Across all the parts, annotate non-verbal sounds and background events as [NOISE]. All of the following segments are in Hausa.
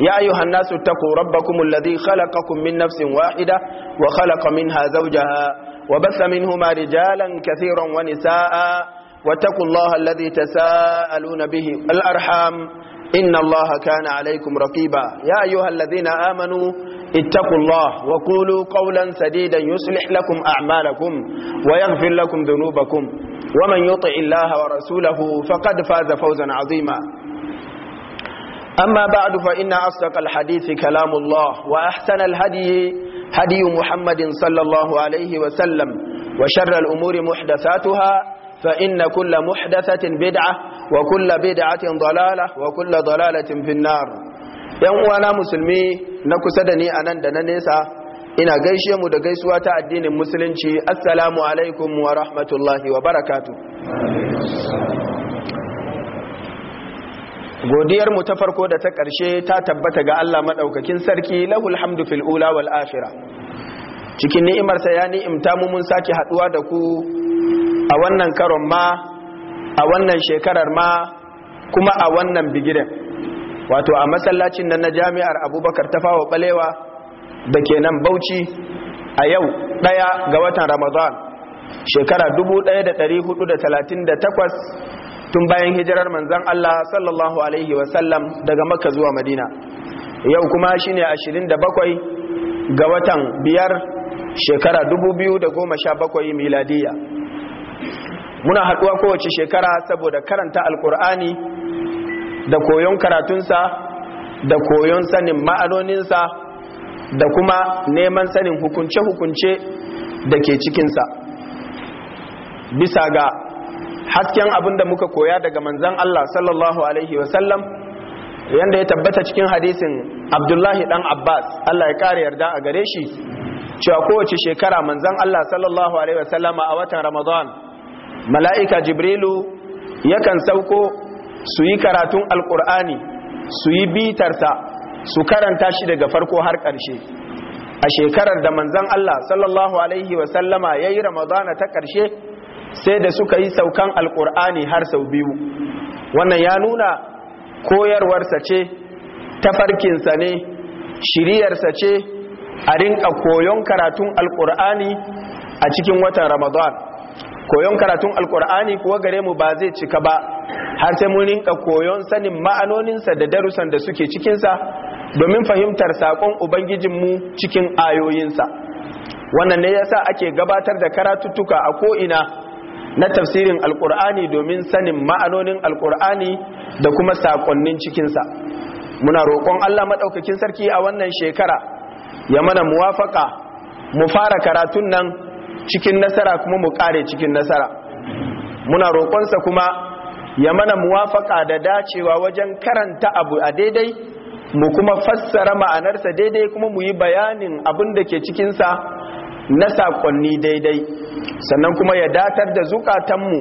يا أيها الناس اتقوا ربكم الذي خلقكم من نفس واحدة وخلق منها زوجها وبث منهما رجالا كثيرا ونساء واتقوا الله الذي تساءلون به الأرحام إن الله كان عليكم رقيبا يا أيها الذين آمنوا اتقوا الله وقولوا قولا سديدا يصلح لكم أعمالكم ويغفر لكم ذنوبكم ومن يطع الله ورسوله فقد فاز فوزا عظيما أما بعد فإن أصدق الحديث كلام الله وأحسن الهدي هدي محمد صلى الله عليه وسلم وشر الأمور محدثاتها فإن كل محدثة بدعة وكل بدعة ضلالة وكل ضلالة في النار ينوانا مسلمي نكسدني أنا دنانيسا إنا قيش يمد قيس واتا الدين المسلمشي السلام عليكم ورحمة الله وبركاته godiyar mu ta farko da ta karshe ta tabbata ga Allah madaukakin sarki lahul hamdu fil ula wal akhirah cikin ni'imar sa ya ni'imta mu mun sake haduwa da ku a wannan karon ma a wannan shekarar ma kuma a wannan bigiren wato a masallacin nan na jami'ar Abubakar Tafawa Balewa da ke Bauchi a yau ɗaya ga watan Ramadan shekara 1438 tun bayan hijirar manzon Allah sallallahu alaihi wasallam daga maka zuwa madina yau kuma shi ne ashirin da bakwai ga watan biyar shekara dubu biyu da goma sha bakwai miladiya muna haɗuwa kowace shekara saboda karanta alkur'ani da koyon karatunsa da koyon sanin ma'anoninsa da kuma neman sanin hukunce-hukunce da ke cikinsa bisa ga hasken abin da muka koya daga manzan Allah sallallahu alaihi wasallam yanda ya tabbata cikin hadisin abdullahi ɗan abbas Allah ya kare yarda a gare shi cewa kowace shekara manzan Allah sallallahu alaihi wasallama a watan ramadan mala'ika jibrilu yakan sauko su yi karatun alkur'ani su yi bitarsa su karanta shi daga farko har ƙarshe a shekarar da manzan Allah sallallahu alaihi wasallama ya yi ramadana ta ƙarshe sai da suka yi saukan alkur'ani har sau biyu wannan ya nuna koyarwarsa ce tafarkinsa ne shiriyarsa ce a rinka koyon karatun alkur'ani a cikin watan ramadan koyon karatun alkur'ani kuwa gare mu ba zai cika ba har sai mun rinka koyon sanin ma'anoninsa da darussan da suke cikinsa domin fahimtar saƙon ubangijinmu cikin ayoyinsa wannan ne ya sa ake gabatar da karatuttuka a ko'ina na tafsirin alkur'ani domin sanin ma'anonin alkur'ani da kuma sakonnin cikinsa muna roƙon allah maɗaukakin sarki a wannan shekara ya mana muwafaka mu fara karatun nan cikin nasara kuma mu ƙare cikin nasara muna roƙonsa kuma ya mana muwafaka da dacewa wajen karanta abu a daidai mu kuma fassara ma'anarsa daidai kuma mu yi bayanin abin da ke cikinsa na saƙonni daidai sannan kuma ya datar da zukatanmu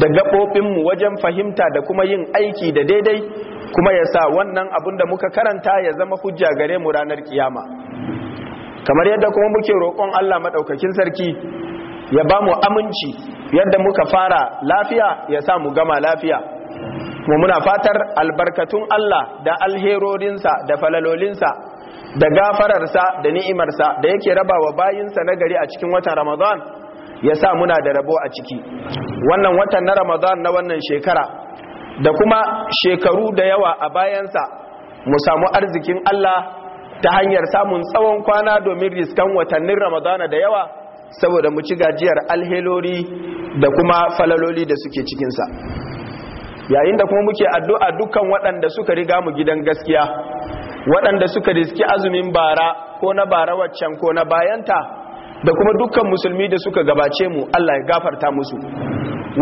da gaɓoɓinmu wajen fahimta da kuma yin aiki da daidai kuma ya sa wannan abin da muka karanta ya zama hujja gare mu ranar kiyama kamar yadda kuma muke roƙon Allah maɗaukakin sarki ya ba mu aminci yadda muka fara lafiya ya sa mu gama lafiya mu muna fatar albarkatun Allah da alherorinsa da falalolinsa da gafararsa da ni'imarsa da yake rabawa bayinsa na gari a cikin watan Ramadan ya sa muna da rabo a ciki wannan watan na ramadan na wannan shekara da kuma shekaru da yawa a bayansa mu samu arzikin Allah ta hanyar samun tsawon kwana domin riskan watannin ramadana da yawa saboda mu ci gajiyar alhelori da kuma falaloli da suke cikinsa yayin da kuma muke addu'a dukkan waɗanda suka riga mu gidan gaskiya waɗanda suka riski azumin bara ko na bara waccan ko na bayanta da kuma dukkan musulmi da suka gabace mu Allah ya gafarta musu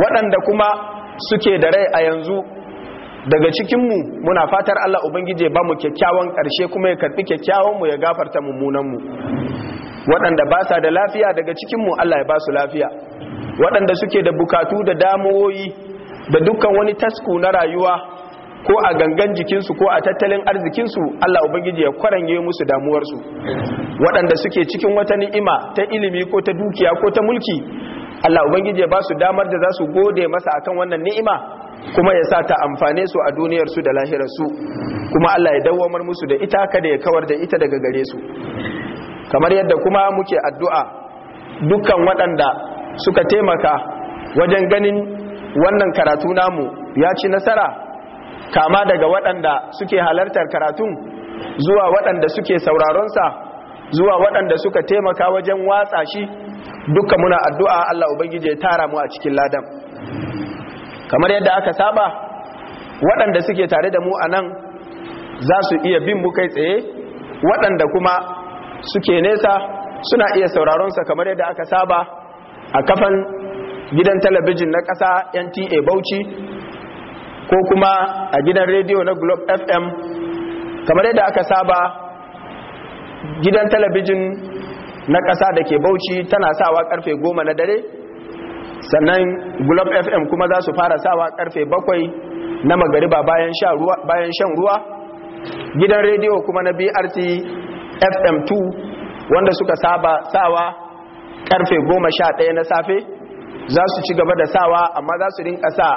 waɗanda kuma suke da rai a yanzu daga cikinmu muna fatar Allah Ubangiji ba mu kyakkyawan ƙarshe kuma ya karɓi kyakkyawan mu ya gafarta mummunan mu waɗanda ba sa da lafiya daga cikinmu Allah ya ba su lafiya waɗanda suke da bukatu da damuwoyi da dukkan wani tasku na rayuwa ko a gangan jikinsu ko a tattalin arzikinsu Allah ubangiji ya kwarange musu damuwarsu waɗanda suke cikin wata ni'ima ta ilimi ko ta dukiya ko ta mulki Allah ubangiji ya ba su damar da za su gode masa akan wannan ni'ima kuma ya sa ta amfane su a duniyarsu da lahirarsu kuma Allah ya dawwamar musu da ita kada ya kawar da ita daga gare su kamar yadda kuma muke addu'a dukkan waɗanda suka taimaka wajen ganin wannan karatu namu ya ci nasara kama daga waɗanda suke halartar karatun zuwa waɗanda suke sauraronsa zuwa waɗanda suka taimaka wajen watsa shi dukkan muna addu'a Allah Ubangiji ya tara mu a cikin ladan kamar yadda aka saba waɗanda suke tare da mu a nan za su iya bin mu kai tsaye waɗanda kuma suke nesa suna iya sauraronsa kamar yadda aka saba a kafan gidan talabijin na ƙasa nta bauchi ko kuma a gidan rediyo na globe fm kamar yadda aka saba gidan talabijin na kasa da ke bauchi tana sawa karfe goma na dare sannan globe fm kuma za su fara sawa karfe bakwai na magariba bayan shan ruwa gidan rediyo kuma na brt fm 2 wanda suka saba sawa karfe goma sha ɗaya na safe za su ci gaba da sawa amma za su rinka sa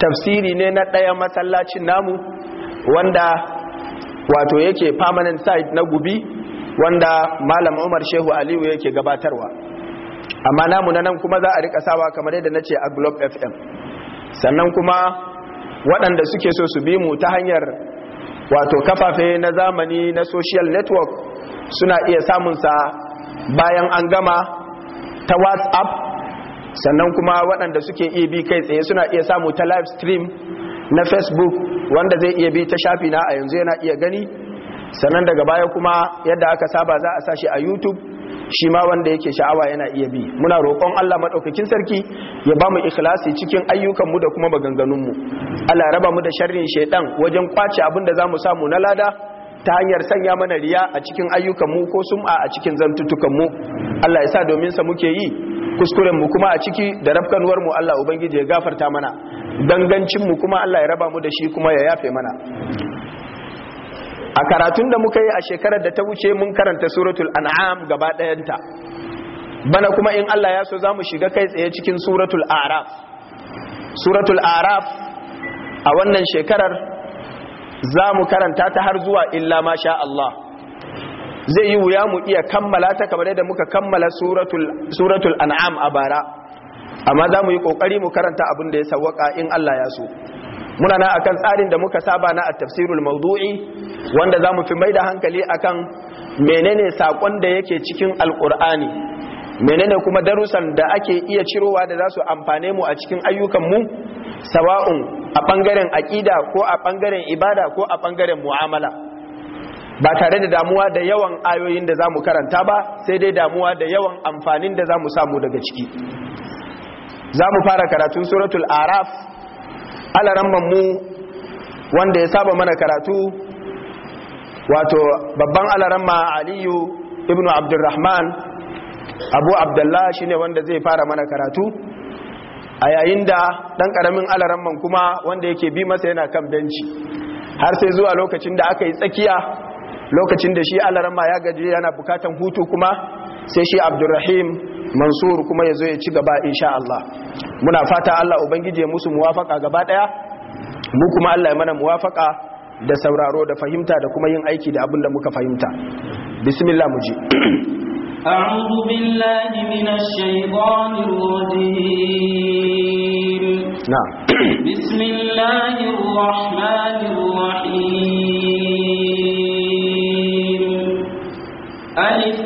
tafsiri ne na ɗaya masallacin namu wanda wato yake permanent site na gubi wanda malam umar shehu aliyu yake gabatarwa amma namu na nan kuma za a rika sawa kamar yadda na ce a globe fm sannan kuma waɗanda suke so su bi mu ta hanyar wato kafafe na zamani na social network suna iya samunsa bayan an gama ta whatsapp sannan kuma waɗanda suke iya bi kai tsaye suna iya samu ta live stream na facebook wanda zai iya bi ta shafi na a yanzu yana iya gani sannan daga baya kuma yadda aka saba za a sashi a youtube shi ma wanda yake sha'awa yana iya bi muna roƙon Allah maɗaukakin sarki ya ba mu ikhlasi cikin ayyukanmu da kuma maganganunmu Allah raba mu da sharrin shaidan wajen kwace abin da za mu samu na lada ta hanyar sanya mana riya a cikin ayyukan mu ko sum'a a cikin zantutukanmu. mu Allah ya sa domin sa muke yi kuskuren mu kuma a ciki da rafkanuwar mu Allah ubangiji ya gafarta mana dangancin mu kuma Allah ya raba mu da shi kuma ya yafe mana a karatun da muka yi a shekarar da ta wuce mun karanta suratul an'am gaba ɗayanta bana kuma in Allah ya so za mu shiga kai tsaye cikin suratul araf suratul araf a wannan shekarar za mu karanta ta har zuwa illa masha Allah zai yi wuya mu iya kammala ta kamar yadda muka kammala suratul an'am a bara amma za mu yi kokari mu karanta abin da ya sawaka in Allah ya so muna na akan tsarin da muka saba na at-tafsirul mawdu'i wanda za mu fi mai da hankali akan menene sakon da yake cikin alqur'ani menene kuma darussan da ake iya cirowa da za su amfane mu a cikin ayyukan mu sawa'un a ɓangaren aƙida ko a ɓangaren ibada ko a ɓangaren mu'amala ba tare da damuwa da yawan ayoyin da zamu karanta ba sai dai damuwa da yawan amfanin da za mu samu daga ciki za mu fara karatun suratul araf alaramman mu wanda ya saba mana karatu wato babban alaramma aliyu ibnu abdulrahman abu abdullah shine wanda zai fara mana karatu a yayin da ɗan ƙaramin alaramman kuma wanda yake bi masa yana kan benci har sai zuwa lokacin da aka yi tsakiya lokacin da shi alaramma ya gaji yana bukatan hutu kuma sai shi abdurrahim mansur kuma ya zo ya ci gaba insha Allah muna fata Allah ya musu muwafaka gaba ɗaya mu kuma Allah ya mana muwafaka da sauraro da fahimta da kuma yin aiki da abin da muka fahimta bismillah mu je. أعوذ بالله من الشيطان الرجيم نعم بسم الله الرحمن الرحيم ألف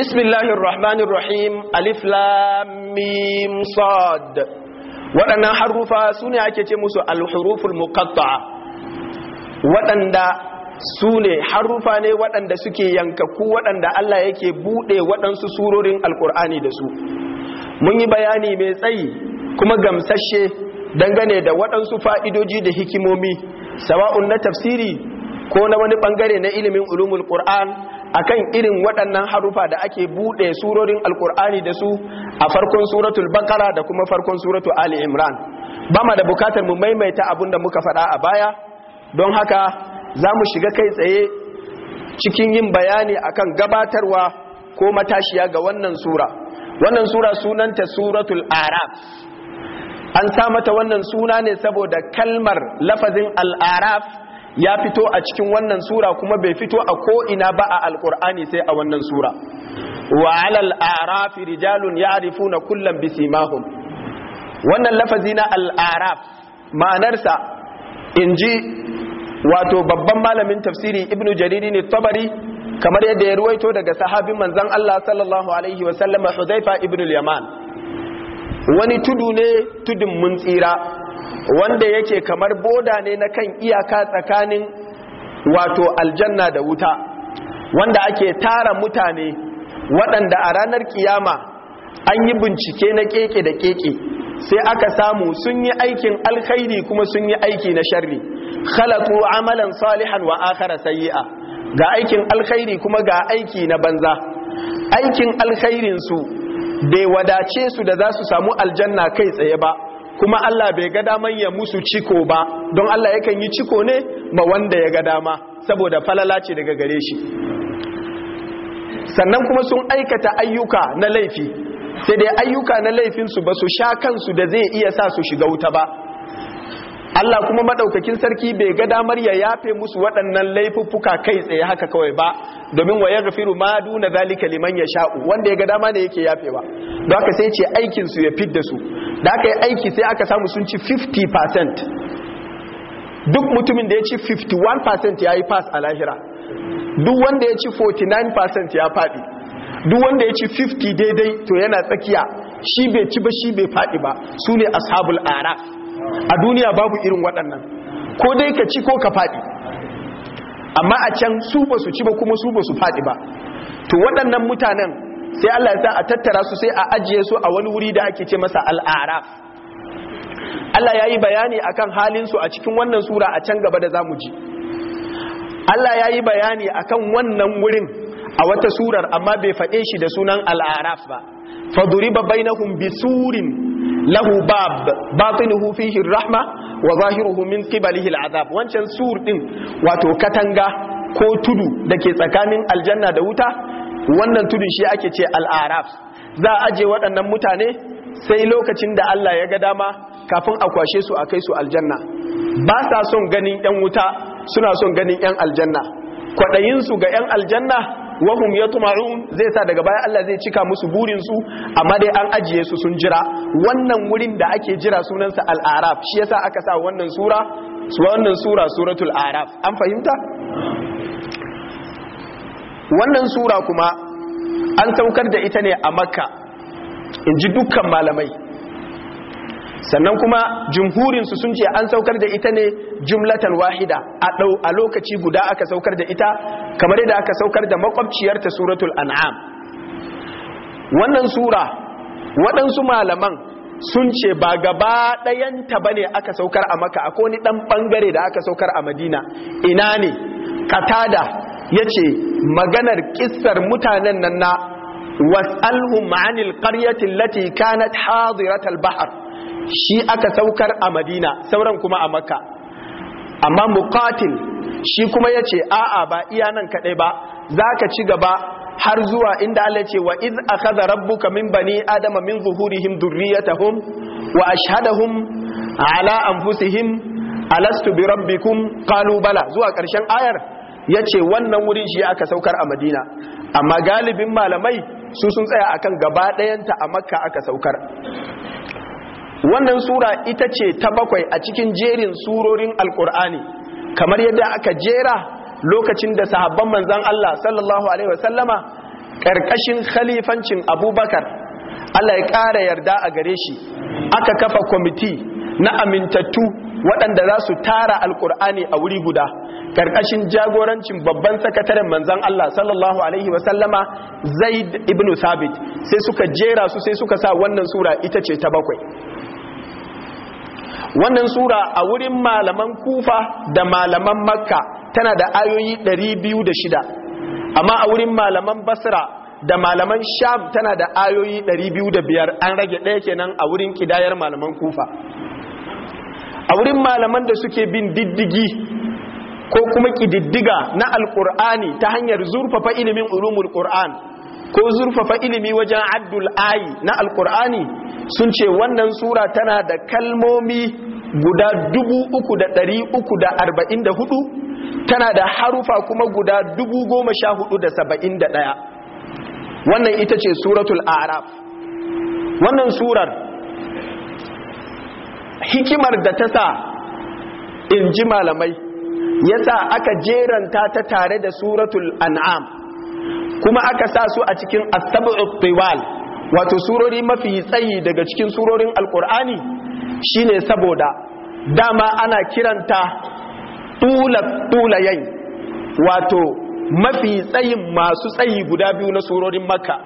بسم الله الرحمن الرحيم ألف لام ميم صاد waɗannan harufa su ne ake ce musu alhuruful muqatta'a waɗanda su ne harufa ne waɗanda suke yankaku waɗanda Allah yake buɗe waɗansu surorin alkur'ani da su mun yi bayani mai tsayi kuma gamsashe dangane da waɗansu fa'idoji da hikimomi sawa'un na tafsiri ko na wani ɓangare na ilimin ulumul ƙuran akan irin waɗannan harufa da ake buɗe surorin alkur'ani da su a farkon suratul bakara da kuma farkon suratul ali imran ba ma da bukatar mu maimaita abun da muka faɗa a baya don haka za mu shiga kai tsaye cikin yin bayani akan gabatarwa ko matashiya ga wannan sura wannan sura sunanta suratul araf an sa mata wannan suna ne saboda kalmar lafazin al'araf ya fito a cikin wannan sura kuma bai fito a ko'ina ba a alkur'ani sai a wannan sura wa alal arafi rijalun ya'rifuna kullam bisimahum wannan lafazi na al'araf ma'anarsa inji wato babban malamin tafsiri ibnu jariri ne tabari kamar yadda ya ruwaito daga sahabin manzon Allah sallallahu alaihi wasallam ibn al-Yaman wani tudu ne tudun mun tsira wanda yake kamar boda ne na kan iyaka tsakanin wato aljanna da wuta wanda ake tara mutane waɗanda a ranar kiyama an yi bincike na keke da keke sai aka samu sun yi aikin alkhairi kuma sun yi aiki na sharri khalaqu amalan salihan wa akhara sayyi'a ga aikin alkhairi kuma ga aiki na banza aikin alkhairin su bai wadace su da za su samu aljanna kai tsaye ba kuma Allah bai ga daman ya musu ciko ba don Allah yakan yi ciko ne ma wanda ya ga dama saboda falala ce daga gare shi sannan kuma sun aikata ayyuka na laifi sai dai ayyuka na laifinsu ba su sha kansu da zai iya sa su shiga wuta ba Allah kuma madaukakin sarki bai ga damar ya yafe musu waɗannan laifuffuka kai tsaye haka kawai ba domin wa yaghfiru ma duna zalika liman yasha'u wanda ya ga dama ne yake yafewa don haka sai ce aikin su ya fidda su da yi aiki sai aka samu sun ci 50% duk mutumin da ya ci 51% yayi pass a lahira duk wanda ya ci 49% ya faɗi duk wanda ya ci 50 daidai to yana tsakiya shi bai ci ba shi bai faɗi ba su ne ashabul araf a duniya babu irin waɗannan ko dai ka ci ko ka faɗi amma a can su ba su ci ba kuma su ba su faɗi ba to waɗannan mutanen sai Allah ya sa a tattara su sai a ajiye su a wani wuri da ake ce masa al'araf Allah ya yi bayani akan halinsu a cikin wannan sura a can gaba da za mu ji Allah ya yi bayani akan wannan wurin a wata surar amma bai faɗe shi da sunan al'araf ba faduriba bainahum bisurin lahu bab batinuhu fihi rahma wa zahiruhu min qibalihi al'azab wancan sur din wato katanga ko tudu dake tsakanin aljanna da wuta wannan tudun shi ake ce al'araf za a aje waɗannan mutane sai lokacin da Allah ya ga dama kafin a kwashe su a kai su aljanna ba sa son ganin 'yan wuta suna son ganin 'yan aljanna kwaɗayinsu ga 'yan aljanna wahum yatma'un zai sa daga baya Allah zai cika musu burin su amma dai an ajiye su sun jira wannan wurin da ake jira sunansa al-araf shi yasa aka sa wannan sura wannan sura suratul araf an fahimta wannan sura kuma an saukar da ita ne a makka in ji dukkan malamai sannan kuma jumhurinsu sun ce an saukar da ita ne jumlatan wahida a lokaci guda aka saukar da ita kamar yadda aka saukar da makwabciyarta suratul an'am wannan sura waɗansu malaman sun ce ba gaba ɗayanta ba ne aka saukar a maka a koni ɗan ɓangare da aka saukar a madina ina ne katada ya ce maganar ƙisar mutanen nan na was'alhum ma'anil ƙaryatin lati kanat hadiratal bahar shi aka saukar a madina sauran kuma a makka amma muqatil shi kuma ya ce a'a ba iya nan kaɗai ba za ka ci gaba har zuwa inda Allah ce wa iz akhadha rabbuka min bani adama min zuhurihim durriyatahum wa ashhadahum ala anfusihim alastu bi rabbikum qalu bala zuwa ƙarshen ayar yace wannan wurin shi aka saukar a Madina amma galibin malamai su sun tsaya akan gaba ɗayanta a Makka aka saukar wannan sura ita ce ta bakwai a cikin jerin surorin alkur'ani kamar yadda aka jera lokacin da sahabban manzan Allah sallallahu alaihi wasallama ƙarƙashin khalifancin abubakar Allah ya ƙara yarda a gare shi aka kafa kwamiti na amintattu waɗanda za su tara alkur'ani a wuri guda ƙarƙashin jagorancin babban sakataren manzan Allah sallallahu alaihi wasallama zaid ibn sabit sai suka jera su sai suka sa wannan sura ita ce ta bakwai wannan sura a wurin malaman kufa da malaman makka tana da ayoyi 206 amma a wurin malaman basra da malaman sham tana da ayoyi 205 an rage ɗaya kenan a wurin kidayar malaman kufa a wurin malaman da suke bin diddigi ko kuma ƙididdiga na Alƙur'ani ta hanyar zurfafa ilimin ulumul qur'an ko zurfafa ilimi wajen addul ayi na alkur'ani sun ce wannan sura tana da kalmomi guda dubu tana da harufa kuma guda dubu goma sha wannan ita ce suratul araf wannan surar hikimar da ta sa in ji malamai ya sa aka jeranta ta tare da suratul an'am kuma aka sa su a cikin as-sab'ut tiwal wato surori mafi tsayi daga cikin surorin alqur'ani shine saboda dama ana kiranta tulat tulayain wato mafi tsayin masu tsayi guda biyu na surorin makka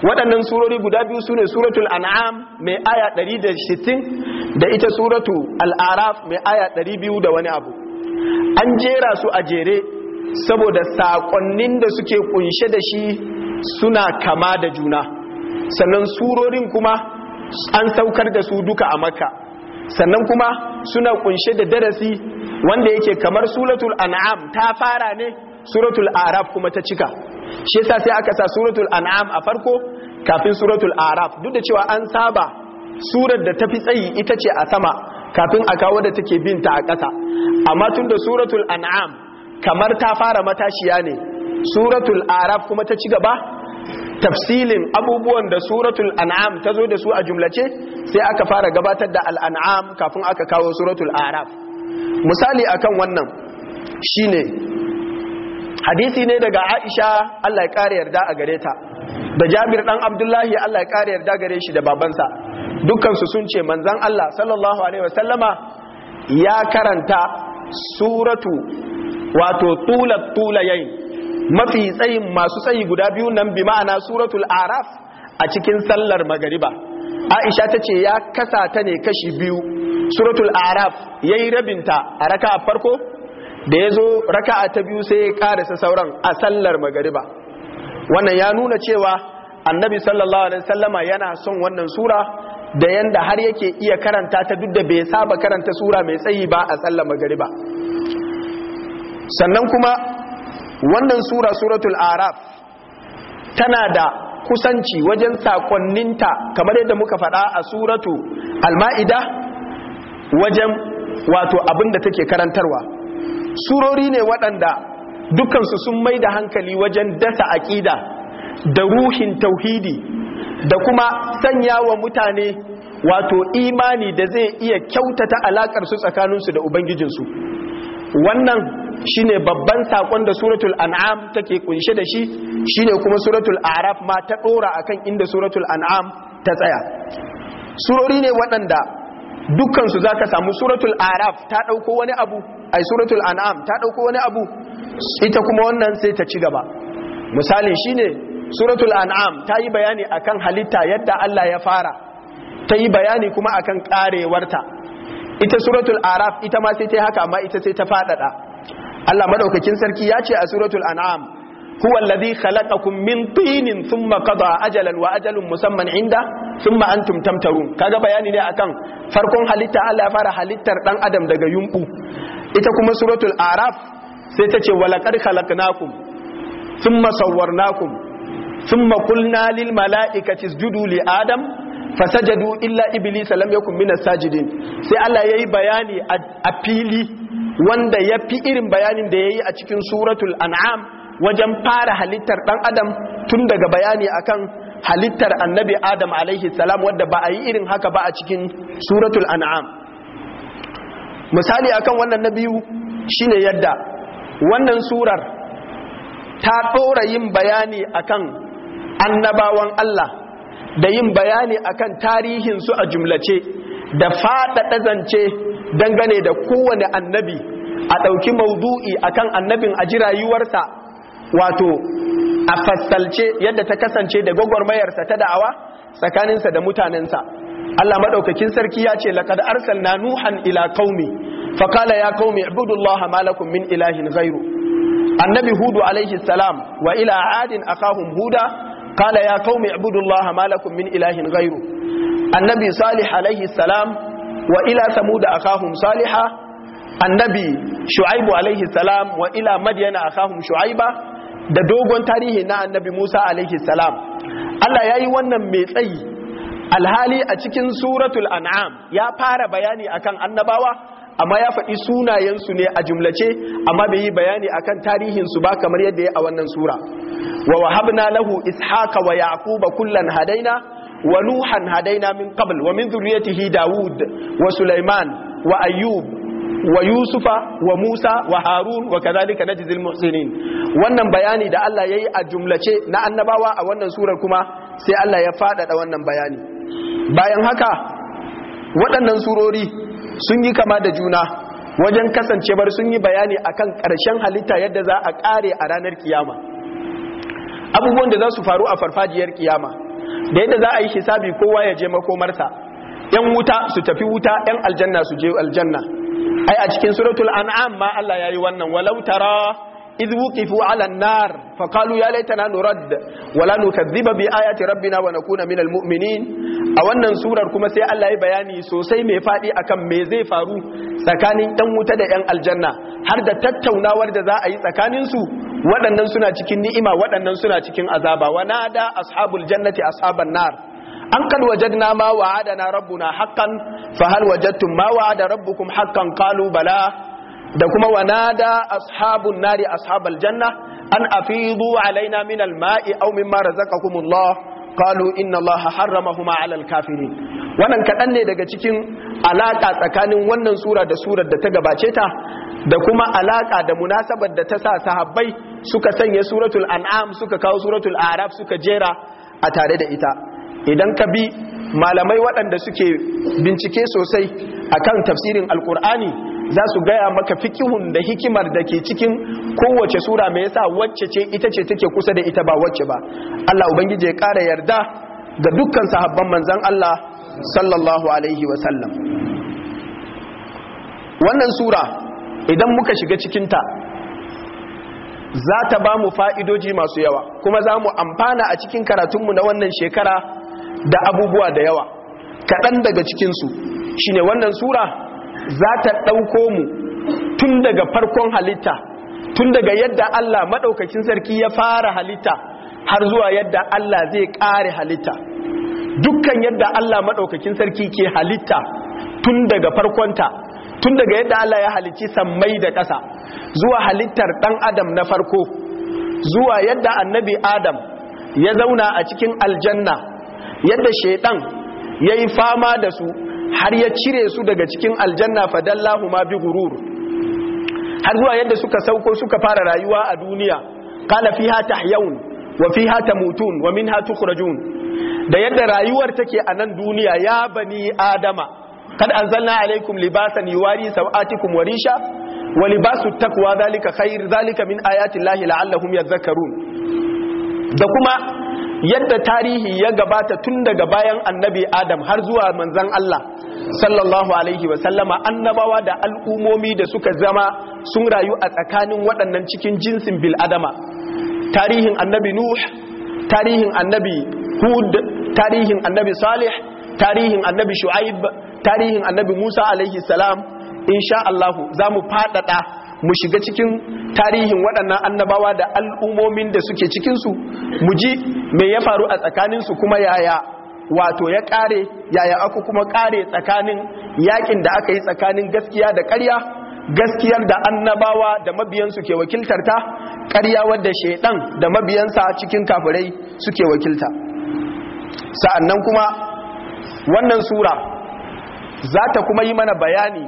waɗannan surori guda biyu sune suratul an'am mai aya 160 da ita suratu al-araf mai aya 200 da wani abu an jera su a jere saboda saƙonnin da suke kunshe da shi suna kama da juna sannan surorin kuma an saukar da su duka a maka sannan kuma suna kunshe da darasi wanda yake kamar suratul an'am ta fara ne suratul araf kuma ta cika shi yasa sai aka sa suratul an'am a farko kafin suratul araf duk da cewa an saba surar da tafi tsayi ita ce a sama kafin a kawo da take binta a ƙasa amma tun da suratul an'am kamar ta fara matashiya ne suratul araf kuma ta ci gaba tafsilin abubuwan da suratul an'am ta zo da su a jumlace sai aka fara gabatar da al'an'am kafin aka kawo suratul araf misali akan wannan shine hadisi ne daga aisha allah ya kare yarda a gare ta da jabir dan abdullahi allah ya kare yarda gare shi da babansa dukansu sun ce manzan allah sallallahu alaihi wasallama ya karanta suratu wato tula tulayain mafi tsayin masu tsayi guda biyu nan bi ma'ana suratul araf a cikin sallar magariba aisha ta ce ya kasa ta ne kashi biyu suratul araf ya yi rabinta a raka'a farko da ya zo raka'a ta biyu sai ya karasa sauran a sallar magariba wannan ya nuna cewa annabi sallallahu alaihi sallama yana son wannan sura da yanda har yake iya karanta ta duk da bai saba karanta sura mai tsayi ba a sallar magariba sannan kuma wannan sura suratul araf tana da kusanci wajen sakonninta kamar yadda muka faɗa a suratu alma'ida wajen wato abin da take karantarwa surori ne waɗanda dukansu sun mai da hankali wajen dasa aƙida da ruhin tauhidi da kuma sanya wa mutane wato imani da zai iya kyautata alaƙarsu tsakaninsu da ubangijinsu wannan shine babban sakon da suratul an'am take kunshe da shi shine kuma suratul araf ma ta dora akan inda suratul an'am ta tsaya surori ne waɗanda dukkansu za ka samu suratul araf ta ɗauko wani abu ai suratul an'am ta ɗauko wani abu ita kuma wannan sai ta ci gaba misali shine suratul an'am ta yi bayani akan halitta yadda Allah ya fara ta yi bayani kuma akan ƙarewarta. ita suratul araf ita ma sai ta haka amma ita sai ta faɗaɗa Allah madaukakin sarki ya ce a suratul an'am huwa alladhi khalaqakum min tinin thumma qada ajalan wa ajalun musamman inda thumma antum tamtarun kaga bayani ne akan farkon halitta Allah ya fara halittar dan adam daga yumbu ita kuma suratul araf sai ta ce walaqad khalaqnakum thumma sawwarnakum thumma qulna lil mala'ikati isjudu li adam fasajadu illa iblis lam yakun minas sajidin sai Allah yayi bayani a fili wanda ya fi irin bayanin da ya yi a cikin suratul an'am wajen fara halittar ɗan adam tun daga bayani akan halittar annabi adam alaihi salam wadda ba a yi irin haka ba a cikin suratul an'am misali akan wannan na biyu shine yadda wannan surar ta ɗora yin bayani akan annabawan Allah da yin bayani akan tarihinsu a jumlace da faɗaɗa zance dangane da kowane annabi a ɗauki maudu'i akan annabin a ji rayuwarsa wato a fassalce yadda ta kasance da gwagwarmayarsa ta da'awa tsakaninsa da mutanensa Allah maɗaukakin sarki ya ce laƙad na nuhan ila qaumi faqala ya qaumi ibudullaha ma min ilahin zairu. annabi hudu alaihi salam wa ila adin akahum huda ƙala ya قوم اعبدوا الله ما لكم من إله غيره النبي صالح wa ila samuda akahum saliha annabi shu'aibu alayhi salam wa ila madyana akahum shu'aiba da dogon tarihi na annabi Musa alayhi salam Allah yayi wannan mai tsayi alhali a cikin suratul an'am ya fara bayani akan annabawa amma ya faɗi sunayensu ne a jumlace amma bai yi bayani akan tarihinsu ba kamar yadda ya a wannan sura wa wahabna lahu ishaqa wa yaquba kullan hadaina wa nuhan hadaina min qabl wa min dhurriyyatihi daud wa sulaiman wa ayyub wa yusufa wa musa wa harun wa na najzil muhsinin wannan bayani da Allah yayi a jumlace na annabawa a wannan surar kuma sai Allah ya faɗaɗa wannan bayani bayan haka waɗannan surori sun yi kama da juna wajen kasancewar sun yi bayani akan ƙarshen halitta yadda za a ƙare a ranar kiyama abubuwan da za su faru a farfajiyar kiyama da yadda za a yi hisabi kowa ya je makomarsa yan wuta su tafi wuta yan aljanna su je aljanna ai a cikin suratul an'am ma Allah yayi wannan walau tara idh wuqifu 'ala an-nar fa qalu ya laitana nurad wa la nukadhiba bi ayati rabbina wa nakuna minal mu'minin a wannan surar kuma sai Allah ya bayani sosai mai fadi akan me zai faru tsakanin yan wuta da yan aljanna har da tattaunawar da za a yi tsakanin su waɗannan suna cikin ni'ima waɗannan suna cikin azaba wa nada ashabul jannati ashaban nar an kad wajadna ma wa'adana rabbuna haqqan fa hal wajadtum ma wa'ada rabbukum haqqan qalu bala da kuma wa nada ashabun nari ashabal janna an afidu alaina min alma'i aw mimma razaqakumullah qalu inna allaha harramahuma ala alkafirin wannan kadan ne daga cikin alaka tsakanin wannan sura da surar da ta gabace ta da kuma alaka da munasabar da ta sa sahabbai suka sanya suratul an'am suka kawo suratul araf suka jera a tare da ita idan ka bi malamai waɗanda suke bincike sosai a kan tafsirin alkur'ani za su gaya maka fikihun da hikimar da ke cikin kowace sura mai yasa wacce ce ita ce take kusa da ita ba wacce ba Allah ubangiji ya ƙara yarda ga dukkan sahabban manzan Allah sallallahu alaihi wasallam wannan sura idan muka shiga cikinta za ta ba mu fa'idoji masu yawa kuma za mu amfana a cikin karatunmu na wannan shekara da abubuwa da yawa kaɗan daga cikinsu shi ne wannan sura za ta ɗauko mu tun daga farkon halitta tun daga yadda Allah maɗaukacin sarki ya fara halitta har zuwa yadda Allah zai ƙare halitta dukkan yadda Allah maɗaukacin sarki ke halitta tun daga farkonta tun daga yadda Allah ya halicci sammai da ƙasa zuwa halittar ɗan adam na farko zuwa yadda annabi adam ya zauna a cikin aljanna yadda shaiɗan ya yi fama da su har ya cire su daga cikin aljanna fadallahu ma bi gurur har zuwa yadda suka sauko suka fara rayuwa a duniya kala fiha tahyaun, wa fiha tamutun wa minha tukhrajun da yadda rayuwar take a nan duniya ya bani adama kad anzalna alaikum libasan yuwari sawatikum wa risha wa libasu taqwa zalika min ayati la'allahu la'allahum da kuma yadda tarihi ya gabata tun daga bayan annabi adam har zuwa manzan Allah sallallahu alaihi wasallama annabawa da al'umomi da suka zama sun rayu a tsakanin waɗannan cikin jinsin bil'adama tarihin annabi nuh tarihin annabi hud tarihin annabi salih tarihin annabi shu'aib tarihin annabi Musa alaihi salam insha Allah za mu faɗaɗa mu shiga cikin tarihin waɗannan annabawa da al'umomin da suke cikinsu mu ji me ya faru a tsakaninsu kuma yaya wato ya ƙare yaya aku kuma ƙare tsakanin yakin da aka yi tsakanin gaskiya da ƙarya gaskiyar da annabawa da mabiyansu ke ta? ƙarya wadda shaidan da mabiyansa cikin kafirai suke wakilta sa'annan kuma wannan sura za ta kuma yi mana bayani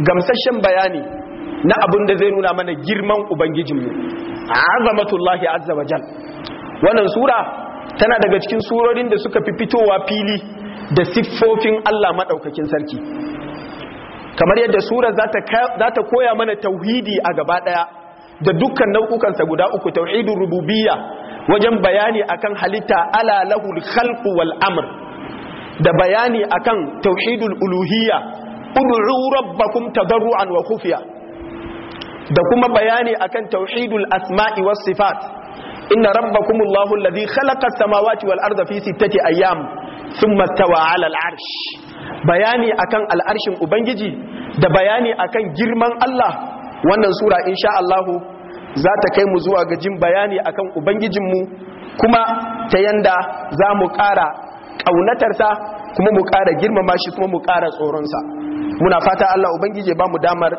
gamsashen bayani na abin da zai nuna mana girman ubangijinmu azamatullahi azza wa jal wannan sura tana daga cikin surorin da suka fi fitowa fili da siffofin Allah maɗaukakin sarki kamar yadda sura za ta koya mana tauhidi a gaba ɗaya da dukkan nau'ukansa guda uku tauhidin rububiyya wajen bayani akan halitta ala lahul khalqu wal amr da bayani akan tauhidul uluhiyya ud'u rabbakum tadarruan wa khufiya da kuma bayani akan tauhidul asma'i was sifat inna rabbakumullahu allahu alladhi khalaqa as-samawati wal arda fi sittati ayyam thumma istawa 'ala al-'arsh bayani akan al'arshin ubangiji da bayani akan girman Allah wannan sura insha Allah za ta kai mu zuwa ga jin bayani akan ubangijinmu kuma ta yanda za mu ƙara kaunatarsa kuma mu ƙara girmama shi kuma mu ƙara tsoronsa muna fata Allah ubangije ba mu damar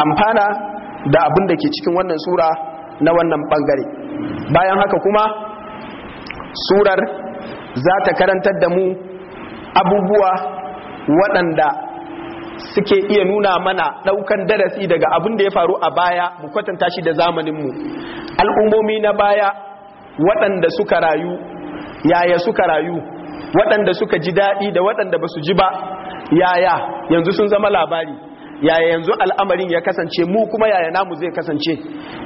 amfana da abin da ke cikin wannan sura na wannan bangare bayan haka kuma surar za ta karantar da mu abubuwa waɗanda suke iya nuna mana ɗaukan darasi daga abin da ya faru a baya mu kwatanta shi da zamaninmu al'ummomi na baya waɗanda suka rayu yaya suka rayu waɗanda suka ji daɗi da waɗanda ba su ji ba yaya yanzu sun zama labari yaya yanzu al'amarin ya kasance mu kuma yaya namu zai kasance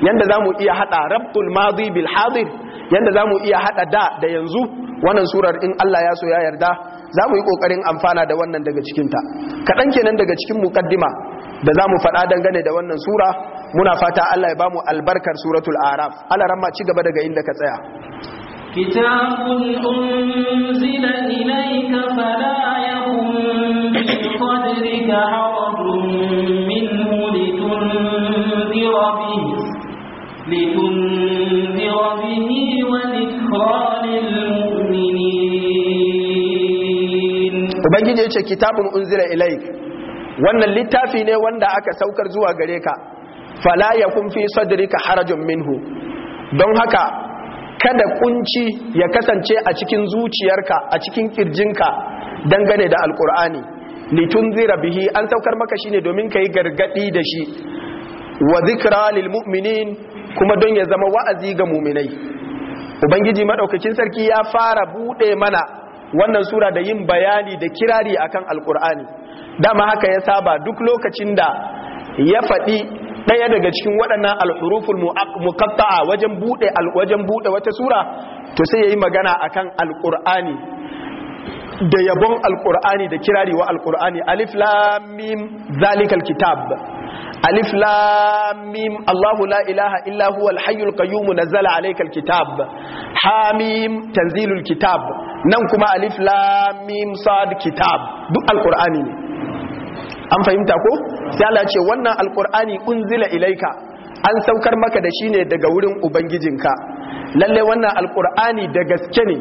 yanda za mu iya haɗa rabtul mazi bil hadir yanda za mu iya haɗa da da yanzu wannan surar in Allah ya so ya yarda za mu yi ƙoƙarin amfana da wannan daga cikinta kaɗan kenan daga cikin muƙaddima da za mu faɗa dangane da wannan sura muna fata Allah ya bamu albarkar suratul araf ala ramma ci gaba daga inda ka tsaya كتاب أنزل إليك فلا يكن بقدرك حرج منه لتنذر به لتنذر به ولكرى للمؤمنين وبنجد يقول كتاب أنزل إليك وأن اللتافي نيه وأن دعاك سوكر زوا غريكا فلا يكن في صدرك حرج منه دون هكا kada kunci ya kasance a cikin zuciyarka a cikin kirjinka dangane da alkur'ani litun zira bihi an saukar maka shine domin ka yi gargadi da shi wa zikra lil mu'minin kuma don ya zama wa'azi ga muminai ubangiji madaukakin sarki ya fara bude mana wannan sura da yin bayani da kirari akan alkur'ani dama haka ya saba duk lokacin da ya faɗi ɗaya daga cikin waɗannan alhuruful muqatta'a wajen bude wajen bude wata sura to sai yayi magana akan alqur'ani da yabon alqur'ani da kirari wa alqur'ani alif lam mim zalikal kitab alif lam mim Allahu la ilaha illa huwa al-hayyul qayyum nazzala alaykal kitab hamim tanzilul kitab nan kuma alif lam mim sad kitab duk alqur'ani ne an fahimta ko sai Allah ce wannan alqur'ani unzila ilaika an saukar maka da shi ne daga wurin ubangijinka lalle wannan alqur'ani da gaske ne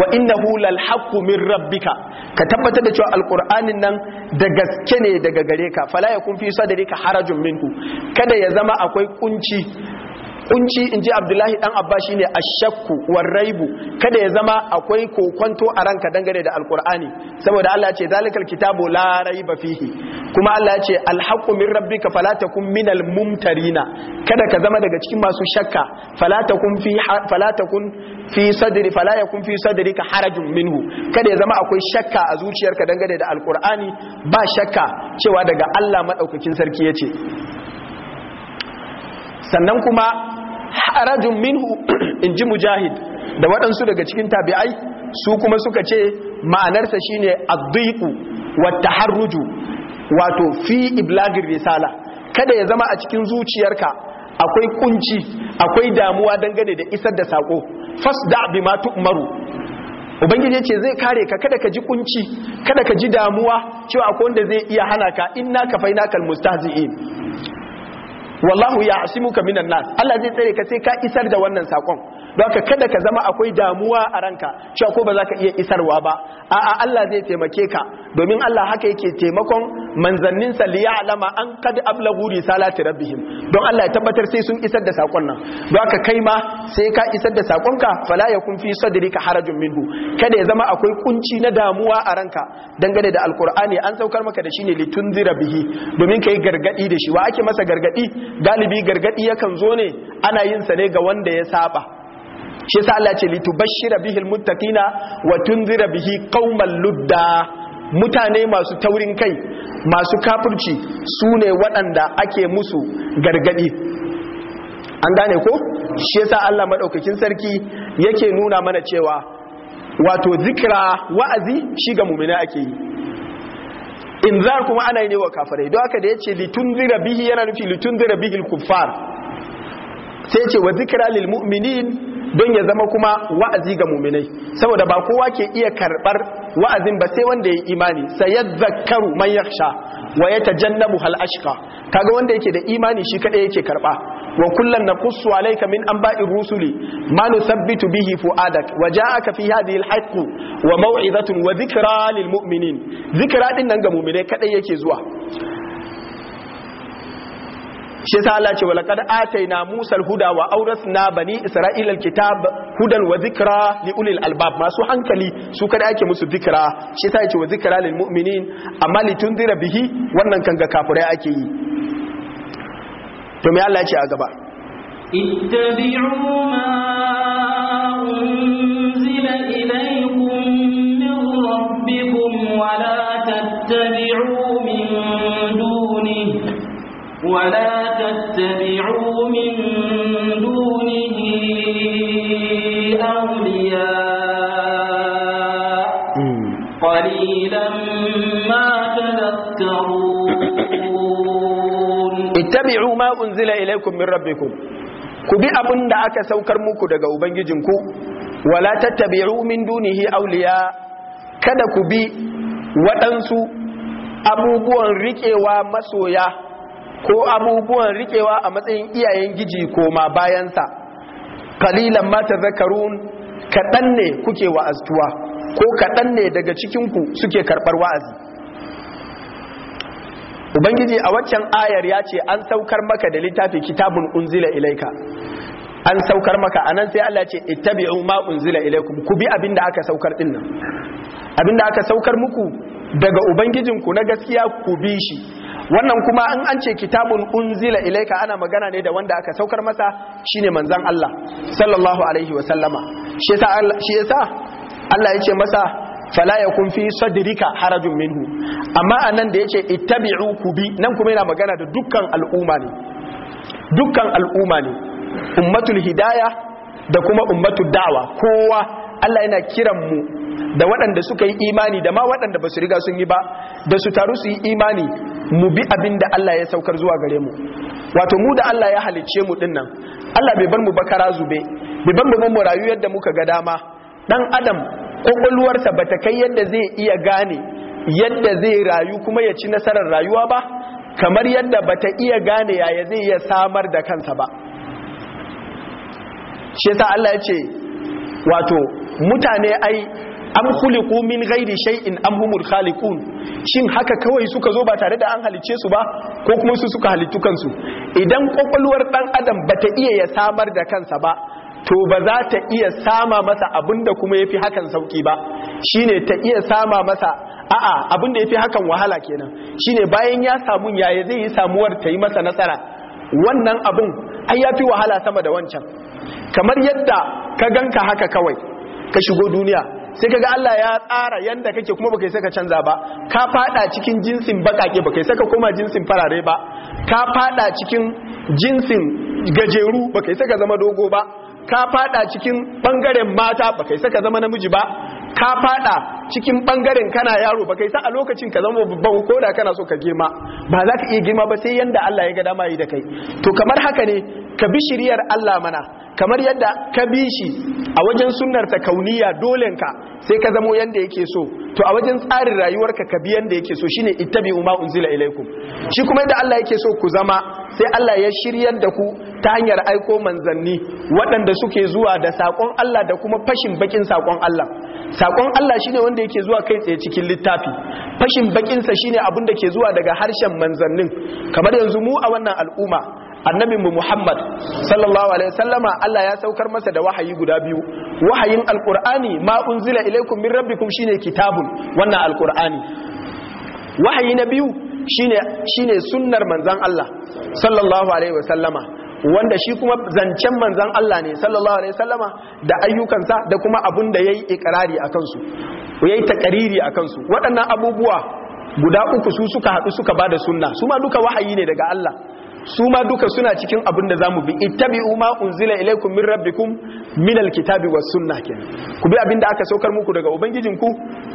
wa innahu lal haqqu min rabbika ka tabbatar da cewa alqur'anin nan da gaske ne daga gare ka fala yakun fi sadrika harajun minhu kada ya zama akwai kunci kunci ji abdullahi dan abba shine a shakku raibu kada ya zama akwai kokonto a ranka dangane da alkur'ani saboda Allah ya ce zalikal kitabu la raiba fihi kuma Allah ya ce alhaqqu min rabbika fala takun minal mumtarina kada ka zama daga cikin masu shakka fala takun fi fala takun fi sadri fala yakun fi sadrika harajun minhu kada ya zama akwai shakka a zuciyarka dangane da alkur'ani ba shakka cewa daga Allah madaukakin sarki yace sannan kuma harajun minhu [CLEARS THROAT] in ji mujahid da waɗansu daga cikin tabi'ai su kuma suka ce ma'anarsa shine addiku wata harruju wato fi iblagir risala kada ya zama a cikin zuciyarka akwai kunci akwai damuwa dangane da isar da sako fasda bi ma tu'maru ubangiji yace zai kare ka kada ka ji kunci kada ka ji damuwa cewa akwai wanda zai iya hana ka inna kafainakal mustahzi'in wallahu ya asimuka minan nas Allah zai tsare ka sai ka isar da wannan sakon don ka kada ka zama akwai damuwa a ranka cewa ko ba za ka iya isarwa ba a'a Allah zai taimake ka domin Allah haka yake taimakon manzanninsa li ya'lama an qad ablaghu risalati rabbihim don Allah ya tabbatar sai sun isar da sakon nan don ka kai ma sai ka isar da sakon ka fala yakun fi ka harajin minhu kada ya zama akwai kunci na damuwa a ranka dangane da alqur'ani an saukar maka da shi ne zira bihi domin kai gargadi da shi wa ake masa gargadi galibi gargadi yakan zo ne ana yin sa ne ga wanda ya saba shi yasa Allah ce litubashshira bihil muttaqina wa tunzira bihi qauman ludda mutane masu taurin kai masu kafirci sune waɗanda ake musu gargadi an gane ko shi yasa Allah madaukakin sarki yake nuna mana cewa wato zikra wa'azi shi ga mu'mina ake yi inzar kuma ana yi ne wa kafirai don haka da yace litunzira bihi yana nufi litunzira bihi kuffar sai ce wa zikra lil mu'minin don ya zama kuma wa'azi ga muminai saboda ba kowa ke iya karbar wa'azin ba sai wanda ya yi imani sayadzakaru man yakhsha wa yatajannabu hal ashqa kaga wanda yake da imani shi kada yake karba wa kullan naqussu alayka min anba'ir rusuli ma nusabbitu bihi fuadak wa ja'aka fi hadhihi al haqq wa maw'izatun wa dhikra lil mu'minin dhikra din nan ga muminai kada yake zuwa shi yasa Allah ce walaqad atayna Musa al-huda wa awrasna bani Isra'ila al-kitab hudan wa zikra li ulil albab masu hankali su kada ake musu zikra shi yasa yace wa zikra lil mu'minin amma li tundira bihi wannan kan ga kafirai ake yi to me Allah ya ce a gaba ittabi'u ma unzila ilaykum min rabbikum wa la tattabi'u min ولا تتبعوا من دونه أولياء قليلا ما تذكرون اتبعوا ما أنزل إليكم من ربكم كبي أبن دعك سوكر موكو دقا أبنجنكو ولا تتبعوا من دونه أولياء kada ku bi waɗansu abubuwan riƙewa masoya ko abubuwan rikewa a matsayin iyayen giji koma bayansa kalilan mata zakarun kaɗan ne kuke wa'aztuwa ko kaɗan ne daga cikinku suke karɓar wa'azi ubangiji a waccan ayar ya ce an saukar maka da littafi kitabun unzila ilaika an saukar maka anan sai Allah ce ittabi'u ma unzila ilaikum ku bi abin da aka saukar dinnan, abin da aka saukar muku daga ubangijinku na gaskiya ku bi shi wannan kuma in an ce kitabun unzila ilaika ana magana ne da wanda aka saukar masa shine manzon Allah sallallahu alaihi wa sallama shi yasa shi yasa Allah yace masa fala yakun fi sadrika harajun minhu amma anan da yace ittabi'u kubi nan kuma yana magana da dukkan al'umma ne dukkan al'umma ne ummatul hidaya da kuma ummatud da'wa kowa Allah yana kiran mu da waɗanda suka yi imani da ma waɗanda ba su riga sun yi ba da su taru su yi imani mu bi abin da Allah ya saukar zuwa gare mu wato mu da Allah ya halicce mu dinnan Allah bai bar mu bakara zube bai bar mu mu rayu yadda muka ga dama dan adam kokolwarsa bata kai yadda zai iya gane yadda zai rayu kuma ya ci nasarar rayuwa ba kamar yadda bata iya gane yaya zai iya samar da kansa ba shi yasa Allah ya ce wato mutane ai An khuliqu min ghairi shay'in am humul khaliqun shin haka kawai suka zo ba tare da an halice su ba ko kuma su suka halittu kansu idan kwakwalwar dan adam bata iya ya samar da kansa ba to ba za ta iya sama masa abinda kuma yafi hakan sauki ba shine ta iya sama masa a'a abinda yafi hakan wahala kenan shine bayan ya samu yaya zai yi samuwar ta yi masa nasara wannan abun ai yafi wahala sama da wancan kamar yadda ka ganka haka kawai ka shigo duniya sai kaga Allah ya tsara yanda kake kuma baka saka canza ba ka fada cikin jinsin bakake baka saka koma jinsin farare ba ka fada cikin jinsin gajeru baka saka zama dogo ba ka fada cikin bangaren mata baka saka zama namiji ba ka fada cikin bangaren kana yaro ba kai sa a lokacin ka zama babban ko da kana so ka girma ba za ka iya girma ba sai yadda Allah ya ga dama yi da kai to kamar haka ne ka bi shiriyar Allah mana kamar yadda ka bi shi a wajen sunnar ta kauniya ka sai ka zamo yanda yake so to a wajen tsarin rayuwarka ka bi yanda yake so shine ittabi'u ma unzila ilaikum shi kuma yadda Allah yake so ku zama sai Allah ya shiryar da ku ta hanyar aiko manzanni waɗanda suke zuwa da sakon Allah da kuma fashin bakin sakon Allah sakon Allah shine wanda yake zuwa kai tsaye cikin littafi fashin sa shine abin da ke zuwa daga harshen manzannin kamar yanzu mu a wannan al'umma mu Muhammad sallallahu alaihi wasallama Allah ya saukar masa da wahayi guda biyu wahayin alqur'ani ma unzila ilaikum min rabbikum shine kitabun wannan alqur'ani wahayi na biyu shine shine sunnar manzon Allah sallallahu alaihi wasallama wanda shi kuma zancen manzan Allah ne sallallahu alaihi wasallama da ayyukansa da kuma abun da yayi ikrari akan su yayi takariri akan su waɗannan abubuwa guda uku su suka haɗu suka bada sunna su ma duka wahayi ne daga Allah su ma duka suna cikin abin da za mu bi itabi'u ma unzila ilaikun min rabbikum min alkitabi wa ke ku bi abin da aka saukar muku daga ubangijinku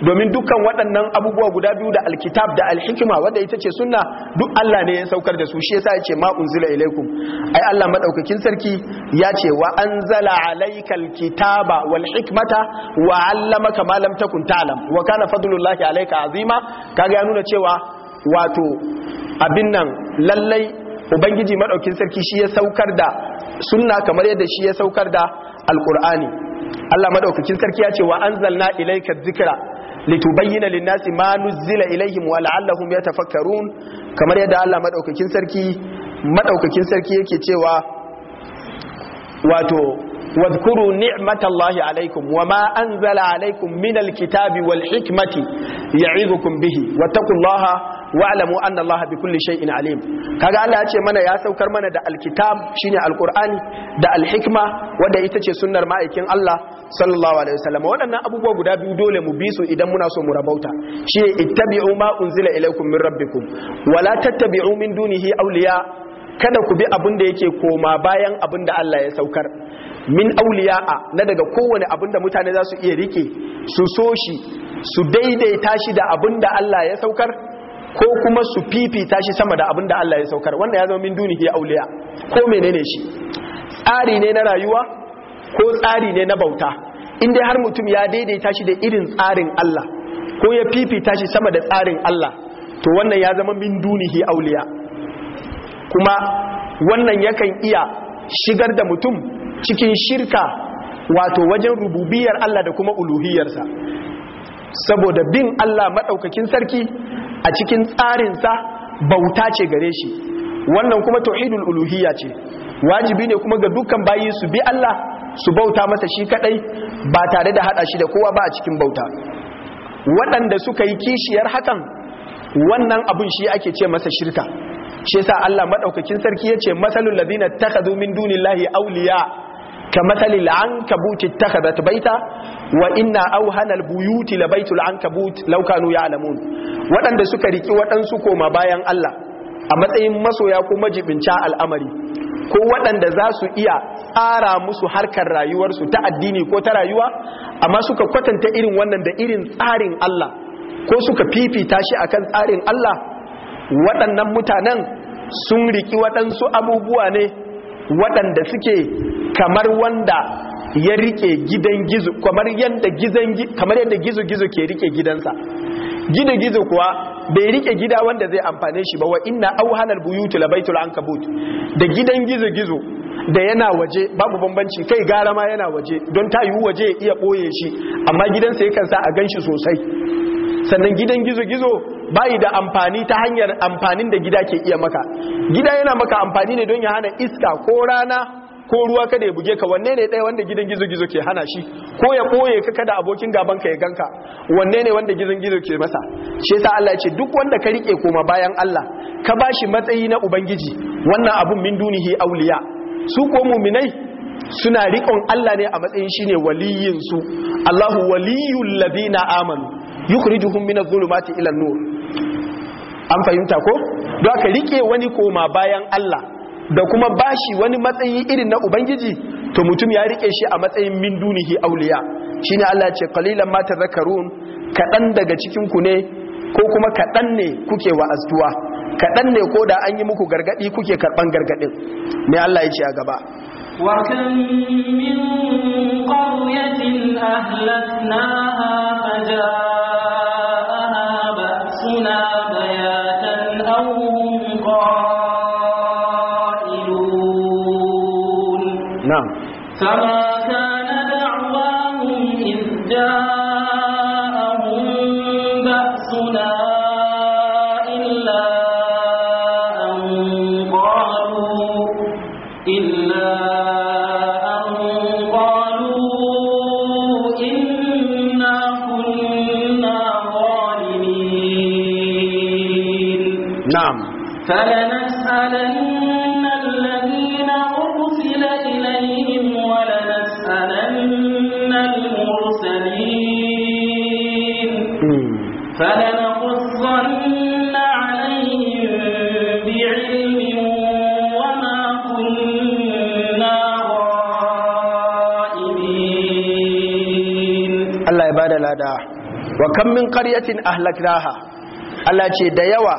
domin dukkan waɗannan abubuwa guda biyu da alkitab da alhikima wadda ita ce sunna duk Allah ne ya saukar da su shi yasa ya ce ma unzila ilaikum ai Allah madaukakin sarki ya ce wa anzala alaykal kitaba wal hikmata wa 'allamaka ma lam takun fadlullahi alayka azima kaga ya nuna cewa wato abin nan lallai ubangiji madaukin sarki shi ya saukar da sunna kamar yadda shi ya saukar da Alƙur'ani. Allah madaukakin sarki ya ce wa anzalna ilayka dhikra litubayyana linnasi ma nuzila ilayhim wa la'allahum yatafakkarun kamar yadda Allah madaukakin sarki madaukakin sarki yake cewa wato wadhkuru ni'matallahi alaikum wa ma anzala alaikum minal kitabi wal hikmati ya'idukum bihi wattaqullaha wa'lamu anna allaha bikulli shay'in alim kaga Allah ya ce mana ya saukar mana da alkitab shine alqur'ani da alhikma wanda ita ce sunnar ma'aikin Allah sallallahu waɗannan abubuwa guda biyu dole mu bi su idan muna so mu rabauta shine ittabi'u ma unzila ilaykum min rabbikum wala tattabi'u min dunihi awliya kada ku bi abin da yake koma bayan abin da Allah ya saukar min auliya'a na daga kowane abin da mutane za su iya rike su so shi su daidaita shi da abin da Allah ya saukar ko kuma su fifita shi sama da abin da Allah ya saukar wanda ya zama min ya auliya ko menene shi tsari ne na rayuwa ko tsari ne na bauta in dai har mutum ya daidaita shi da irin tsarin Allah ko ya fifita shi sama da tsarin Allah to wannan ya zama min dunihi auliya kuma wannan yakan iya shigar da mutum cikin shirka wato wajen rububiyar Allah da kuma uluhiyarsa saboda bin Allah maɗaukakin sarki a cikin tsarinsa bauta ce gare shi wannan kuma tauhidul uluhiyya ce wajibi ne kuma ga dukkan bayi su bi Allah su bauta masa shi kadai ba tare da hada shi da kowa ba a cikin bauta waɗanda suka yi kishiyar hakan wannan abun shi ake ce masa shirka shi yasa Allah madaukakin sarki yace masalul ladina takhadhu min dunillahi awliya كمثل العنكبوت اتخذت بيتا وإن أوهن البيوت لبيت العنكبوت لو كانوا يعلمون وأن سكرك وأن سكو ما باين الله أما تأيين مسويا كما جبن شاء الأمر ko waɗanda za su iya tsara musu harkar rayuwarsu ta addini ko ta rayuwa amma suka kwatanta irin wannan da irin tsarin Allah ko suka fifita shi akan tsarin Allah waɗannan mutanen sun riki waɗansu abubuwa ne waɗanda suke kamar wanda ya rike gidan gizo kamar yadda gizan kamar yadda gizo gizo ke rike gidansa gida gizo kuwa bai rike gida wanda zai amfane shi ba wa inna auhanal buyuti labaitul ankabut da gidan gizo gizo da yana waje babu bambanci kai gara ma yana waje don ta yiwu waje ya iya boye shi amma gidansa yakan sa a ganshi sosai sannan gidan gizo gizo bayi da amfani ta hanyar amfanin da gida ke iya maka gida yana maka amfani ne don ya hana iska ko rana ko ruwa kada ya buge ka wanne ne ɗaya wanda gidan gizo gizo ke hana shi ko ya ɓoye ka kada abokin gaban ka ya ganka wanne ne wanda gidan gizo ke masa shi yasa Allah ya ce duk wanda ka rike koma bayan Allah ka bashi matsayi na ubangiji wannan abun min dunihi auliya su ko muminai suna rikon Allah ne a matsayin shine waliyin su Allahu waliyul ladina amanu yukhrijuhum minadh dhulumati ila nur an fahimta ko don ka rike wani koma bayan Allah da kuma bashi wani matsayi irin na ubangiji to mutum ya rike shi a matsayin min dunihi auliya shine Allah ce qalilan ma tadhakkarun kadan daga cikin ku ne ko kuma kadan ne kuke wa'aztuwa kadan ne ko da an yi muku gargadi kuke karban gargadin me Allah ya ce a gaba kam min qaryatin ba'suna فما كان دعواهم إذ جاءهم بأسنا إلا أن قالوا إلا أن قالوا إنا كنا ظالمين نعم فلنا wa kam min qaryatin ahlaknaha Allah ce da yawa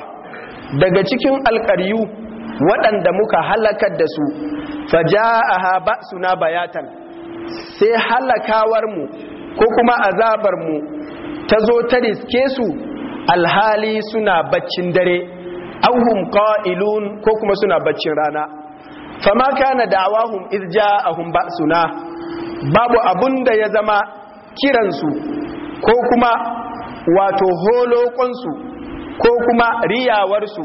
daga cikin alƙaryu waɗanda muka halakar da su faja'aha suna bayatan sai halakawar mu ko kuma azabar mu ta zo ta riske su alhali suna baccin dare auhum qa'ilun ko kuma suna baccin rana fama kana da'awahum iz ba'suna babu abunda ya zama kiransu ko kuma wato kwansu ko kuma riyawarsu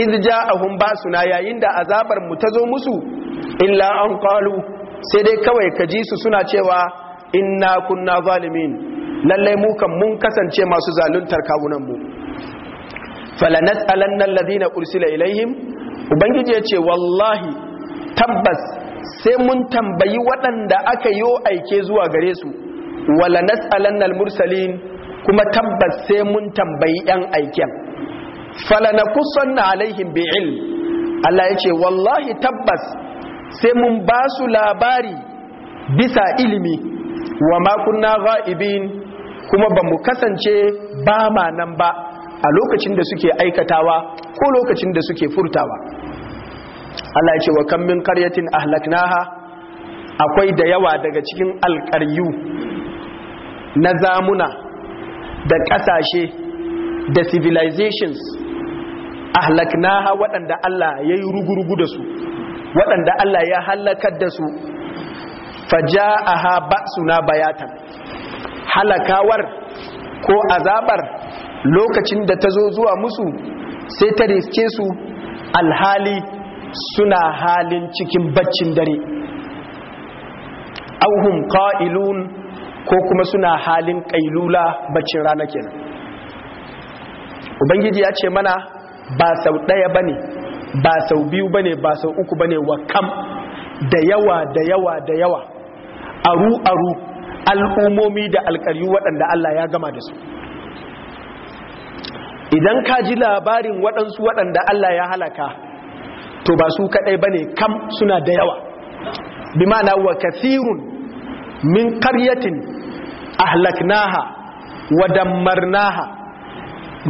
idza ja'ahum basuna yayin da azabar mu ta zo musu illa an qalu sai dai kawai kaji su suna cewa inna kunna zalimin lallai mu kan mun kasance masu zaluntar kawunan mu falanas'alanna alladhina ursila ilaihim ubangiji ya ce wallahi tabbas sai mun tambayi waɗanda aka yo aike zuwa gare su wala nas'alanna al-mursalin kuma tabbas sai mun tambayi yan aiken falanakusanna alaihim bi'il Allah ya ce wallahi tabbas sai mun ba su labari bisa ilimi wa ma kunna ghaibin kuma ba mu kasance ba ma nan ba a lokacin da suke aikatawa ko lokacin da suke furtawa Allah ya ce wa kam min qaryatin ahlaknaha akwai da yawa daga cikin alƙaryu na zamuna da ƙasashe da civilizations ahlaknaha waɗanda Allah ya yi rugurugu da su waɗanda Allah ya halakar da su haɓa suna bayatan halakawar ko azabar lokacin da ta zo zuwa musu sai ta riske su alhali suna halin cikin baccin dare auhum qa'ilun ko kuma suna halin ƙailula bacin rana kenan ubangiji ya ce mana ba sau ɗaya ba ne ba sau biyu ba ne ba sau uku ba ne wa kam da yawa da yawa da yawa aru-aru al'umomi da alƙaryu waɗanda Allah ya gama da su idan ka ji labarin waɗansu waɗanda Allah ya halaka to ba su kaɗai ba ne kam suna da yawa bi na wa kathirun min karyatin ahlaknaha wa dammarnaha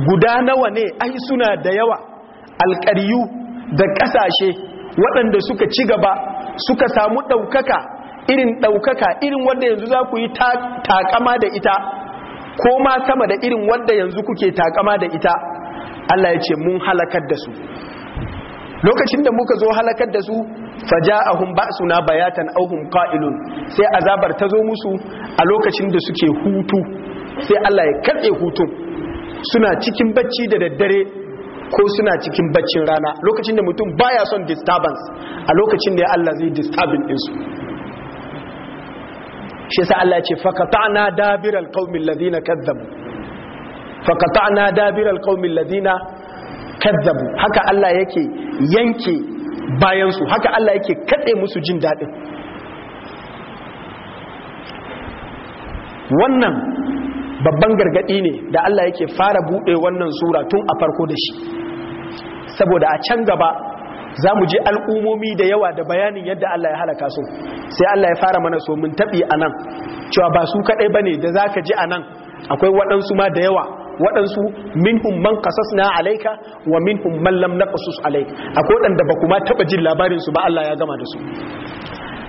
guda nawa ne ai suna da yawa alƙaryu da ƙasashe waɗanda suka ci gaba suka samu ɗaukaka irin ɗaukaka irin wanda yanzu za ku yi takama da ita ko ma sama da irin wanda yanzu kuke takama da ita Allah ya ce mun halakar da su lokacin da muka zo halakar da su faja'ahum ba'suna bayatan auhun hum sai azabar ta zo musu a lokacin da suke hutu sai Allah ya katse hutun suna cikin bacci da daddare ko suna cikin baccin rana lokacin da mutum baya son disturbance a lokacin da ya Allah zai disturbing din su shi sa Allah ce faqata'na dabiral qaumil ladina kadzabu kazzabu haka Allah yake yanke bayansu haka Allah yake katse musu jin daɗin wannan babban gargaɗi ne da Allah yake fara buɗe wannan sura tun a farko da shi saboda a can gaba za mu je al'umomi da yawa da bayanin yadda Allah ya halaka su sai Allah ya fara mana so mun taɓi anan, nan cewa ba su kaɗai bane da za ka ji a nan akwai waɗansu ma da yawa waɗansu minhum man na alayka wa minhum man lam naqasus alayka akwai waɗanda ba kuma taba jin labarin su ba Allah ya gama da su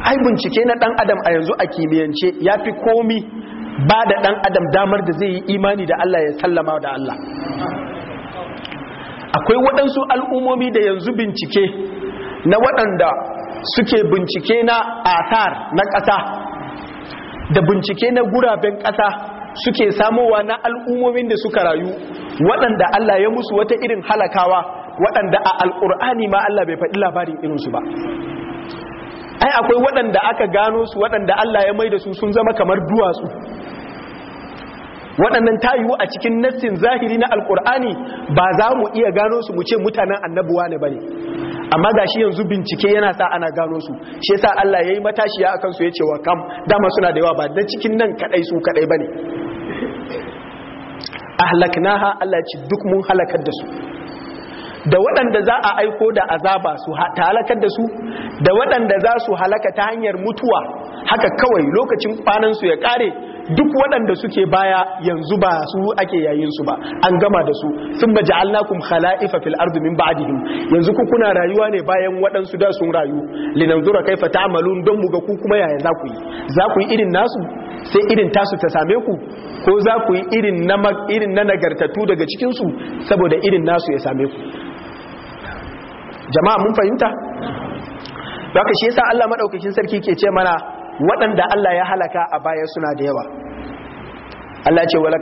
ai bincike na ɗan adam a yanzu a kimiyyance fi komi ba da ɗan adam damar da zai yi imani da Allah ya sallama da Allah akwai waɗansu al'ummomi da yanzu bincike na waɗanda suke bincike na asar na ƙasa da bincike na guraben ƙasa suke samowa na al'ummomin da suka rayu waɗanda Allah ya musu wata irin halakawa waɗanda a al'ur'ani ma Allah bai faɗi labarin irinsu ba ai akwai waɗanda aka gano su waɗanda Allah ya mai da su sun zama kamar duwatsu waɗannan ta a cikin nassin zahiri na alkur'ani ba za mu iya gano su mu ce mutanen annabuwa ne ba ne. amma ga shi yanzu bincike yana sa ana gano su shi sa Allah ya matashi matashiya akan su ya wa kam dama suna da yawa ba dan cikin nan kadai su kadai A halaknaha Allah duk mun halakar da su da waɗanda za a aiko da azaba su ta halakar da su da waɗanda za su halaka ta hanyar mutuwa haka kawai lokacin kwanansu ya ƙare duk waɗanda suke baya yanzu ba su ake yayin su ba an gama da su sun ba ja'alnakum khala'ifa fil ardi min ba'dihim yanzu ku kuna rayuwa ne bayan waɗansu da sun rayu linanzura kaifa ta'malun don mu ga ku kuma yaya za ku yi za ku yi irin nasu sai irin tasu ta same ku ko za ku yi irin na irin na nagartatu daga cikin su saboda irin nasu ya same ku jama'a mun fahimta haka shi yasa Allah madaukakin sarki ke ce mana waɗanda Allah ya halaka a baya suna da yawa Allah ce wala